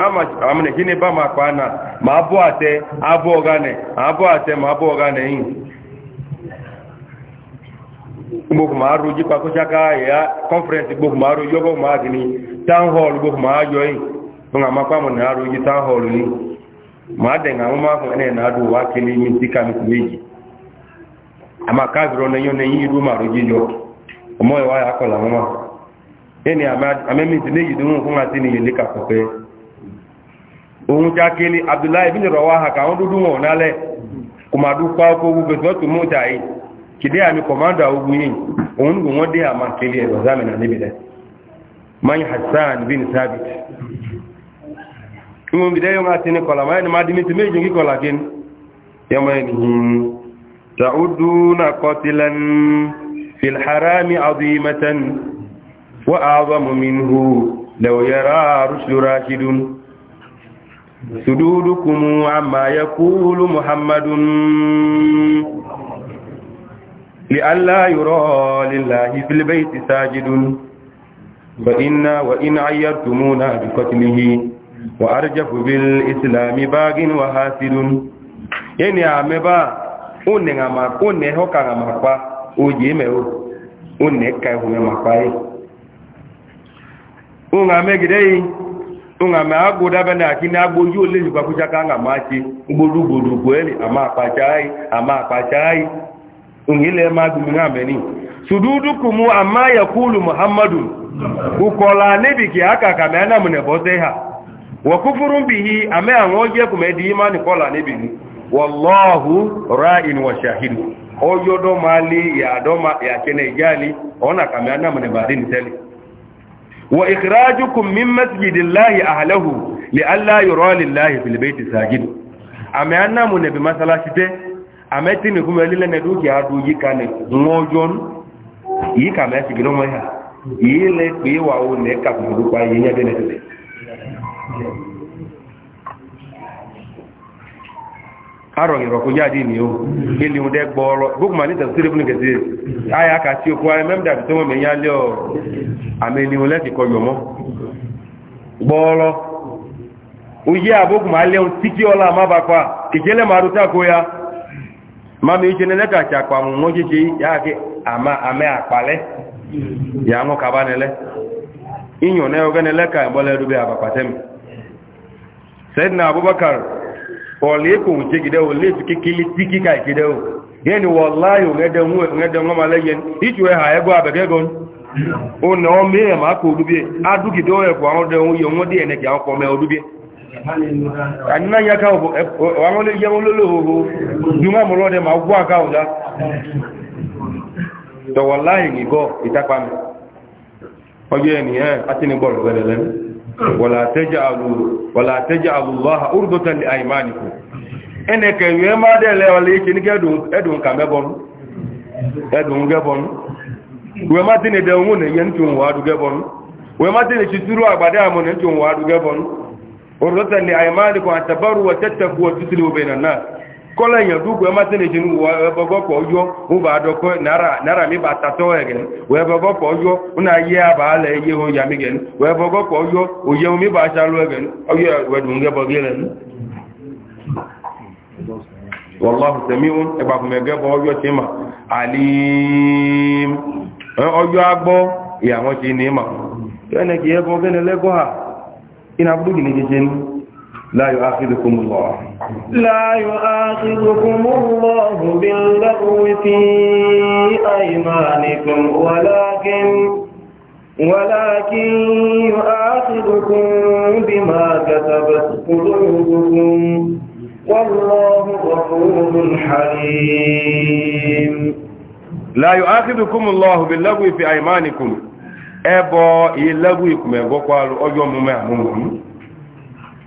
àmàtí ní bá ma pa ánà ma bọ́ àtẹ abọ́ ọ̀gánẹ̀ abọ́ àtẹ ma bọ́ ọ̀gánẹ̀ yìí gbogboma aro jípa kó ṣáká ẹ̀yà conference gbogboma ma yọ́gbọ́gboma agini town hall gbogboma ayọ́ yìí fún àmápàmọ̀ ní aro town hall ní ma dẹ̀ ń àwọn máa fún ẹ̀nà àdúwà kí ní mí tí kàmí méjì ama kaziro na yo na yi ru ma roji yo omo e wa ya ko la mo eni ama ama mi ti ne ni le ka ko ohun ja kele abdullah ibn rawaha ka on dudu won na le kuma du pa ko kide ami commander ogun yin ohun gun won de ama kele e bazame na nibi kola ma ni ma kola kin yo تعدون قتلا في الحرام عظيمة وأعظم منه لو يرى رشد راشد سدودكم عما يقول محمد لألا يرى لله في البيت ساجد فإن وإن عيرتمونا بقتله وأرجف بالإسلام باغ وحاسد يعني عمبا one nga ma one ho ka nga ma kwa o ye me o one ka ho ma kwa e unga me gidei unga me agoda bana akini agboju ole ju kwa kuja ka nga ma chi gboru gboru gweli ama pa chai ama pa chai ungile ma gumi nga me ni sududukum amma yaqulu muhammadun ukola nebi ki aka ka me na mu ne boze ha wa kufurun bihi ame anwo je ku me di imani kola nebi ni wallahu ra'in wa shahid ojo do mali ya do ma ya kene ijali ona kamiana manebadini tele wa ikhrajukum min masjidillahi ahlahu li'alla yura lillahi fil bayti sajid ameana munebi masalashite ametini kumelile neduki adu arọghị rọkụ ya dị o ili ụdị gbọọrọ bụkma nita siri bụ nkezi aya aka ti okwu anyị memda bito nwe menye alị ọ oh. ameni ole dị kọ yọmọ gbọọrọ uyi a bụkma alị tiki ọla ma arụta ko ya ma ma akpa ya ame ya kaba na ka abubakar ọ̀lẹ́kùn jẹ́gidẹ́ o lẹ́tù kékeré tí kíkà ìkédẹ́ o yẹni wọ láyò ẹ̀dẹ̀wọ́n ma lẹ́yẹn ìtù ego ẹgbọ́ àbẹ̀gẹ́gọ́n o ọ mẹ́rẹ̀ máa kò olúbí adúgidẹ́ ẹ̀kọ́ àwọn ọdẹ̀wọ́n yẹ wọ́n dé ẹ̀nẹ̀kì àwọn kọmẹ́ ọjọ́ ẹni ẹ́ àti ní gbọ́rọ̀ gbẹ̀rẹ̀ lẹ́nu wala taj'alu allaha urdatan li aymanikum ene ke we ma de le ole ki ni gedun edun ka mebon edun gebon we ma tini de unune ye ntun wa du gebon we ma tini chituru agbade amun ntun wa du gebon urdatan li aymanikum atabaru wa tattaku wa tuslu bainan nas kọ́lá èèyàn dúgbò ẹ má tẹ́lẹ̀ ṣe ní ọjọ́ ó bá dọ́kọ́ náírà mi bá tatọ́ ẹ̀gẹ̀ ẹbọgọ́pọ̀ ọjọ́ ó náà yẹ àbálẹ̀ iye ohun yàmí gẹ̀ ẹbọgọ́pọ̀ ọjọ́ òye omi bá ọjọ́ ẹ̀wẹ̀dùn gẹ́bọ̀gẹ́ لا يؤاخذكم الله لا يؤاخذكم الله باللغو في أيمانكم ولكن ولكن يؤاخذكم بما كتبت قلوبكم والله غفور حليم لا يؤاخذكم الله باللغو في أيمانكم أبا يلغوكم يقول أجوا مما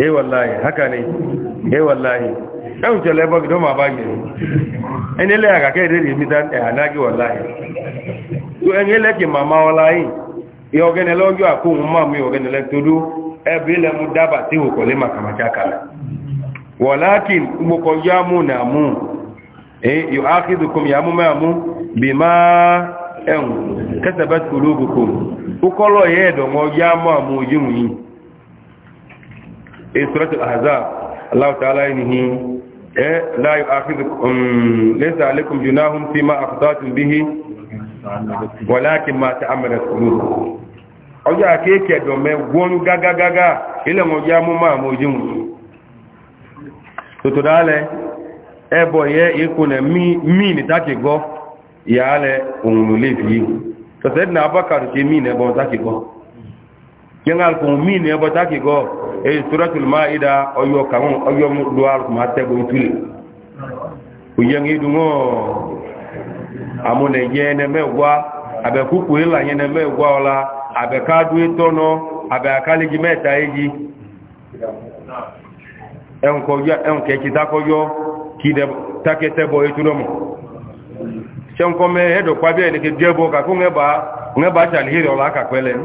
e wallahi haka ne eh wallahi ɗan jẹlẹ bọ́ gidọ́ ma ba gẹ̀rẹ̀ ẹni ilẹ̀ àkàkẹ́ ìdẹ́ ìrìn mítà ẹ̀hànági wallahi tó ẹni ilẹ̀ kì máa máa wọlá yìí ìyọ ọgẹ́ni lọ́jọ́ àkóhun máa mú ọgẹ́ni lẹ́ ẹbí ilẹ̀ mú tí lè kalẹ̀ gbogbo yóò ákìdùkùn bí máa ẹ̀hùn kẹsẹ̀bẹ́ سورة الأحزاب الله تعالى إنه لا يؤاخذكم ليس عليكم جناح فيما أخطأتم به ولكن ما تعمدت قلوبكم ọjọ́ àkéèkè ẹ̀dọ̀mẹ́ wọnú gágágágá ilẹ̀ wọn jẹ́ mú máa mọ́ jíun tòtò dálẹ̀ ẹbọ̀ yẹ ìkùnlẹ̀ míì ní tákì gọ́ ìyàálẹ̀ òun fi eyi suratul ma'ida ọyọ kàwọn ọyọ duwal kuma tẹgbọn tuli o yẹn yi dun ɔɔ amuna yẹn ne mẹwa abẹ kuku yi la abe abe ka yẹn ne mẹwa ọla abẹ kaadu yi tɔnɔ abẹ akaliji mẹta yi dzi ɛnkɔyɔ ɛnkɛtsitakɔyɔ kidɛ takɛtɛbɔ etunɔmɔ sɛnkɔmɛ ɛdɔkpa bi yɛ ne ke diɛbɔ kakó ŋɛba ŋɛba tsali yi rɛ ɔla kakɔɛ lɛ nu.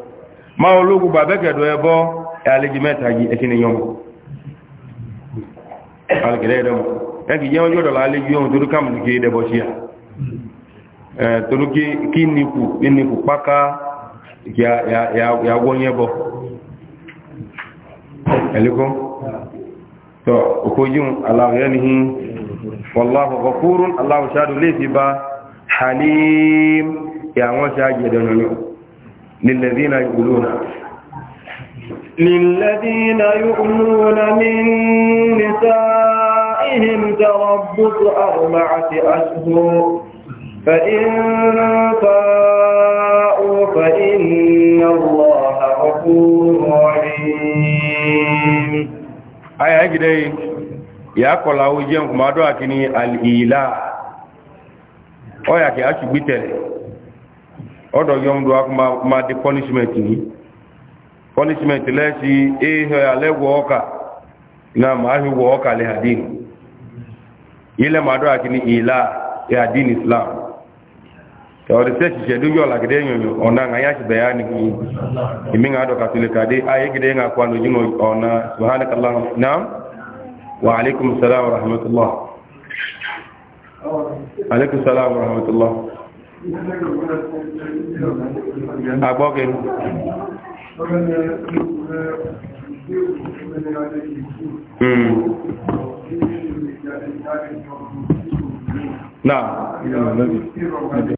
ma ológun bàbẹ́ kẹ̀dọ̀ ẹbọ́ ẹ̀alẹ́jì mẹ́ta yìí ẹ̀kí ni yọ́n alẹ́kẹ̀lẹ́ ẹ̀dọ́mù ẹ̀kì yẹ́ ọjọ́ dọ̀la alẹ́jì yọ́n torí kàmù kí dẹ̀bọ̀ sí à torí kí nìkù nìkù páká yàwọ́nyẹ́bọ̀ ẹ̀lẹ́kọ́ tọ́ òkójún aláwọ̀yẹ́nihin wọ́láhù ọkúrún bá halim ìyàwọ́n للذين يؤلون للذين يؤلون من نسائهم تربص أربعة أشهر فإن فاءوا فإن الله غفور رحيم أي أجري يا كلا وجيهم كما دعاكني الإله أو يا كي أشبتني ọdọ yọm do akuma kuma di punishment ni punishment lẹsi ehe alẹ wọ ọka na ma ahi wọ ọka lẹ hadin ilẹ ma do akini ila e hadin islam tọ research ṣẹdu yọ lagide yọnyọ ọna nga yasi bẹya ni kii imi nga dọ katule kade aye gide nga kwa lojin ọna subhanakallah naam wa alaikum salam wa rahmatullah alaikum salam wa rahmatullah agbọ́gẹ̀ hmm. náà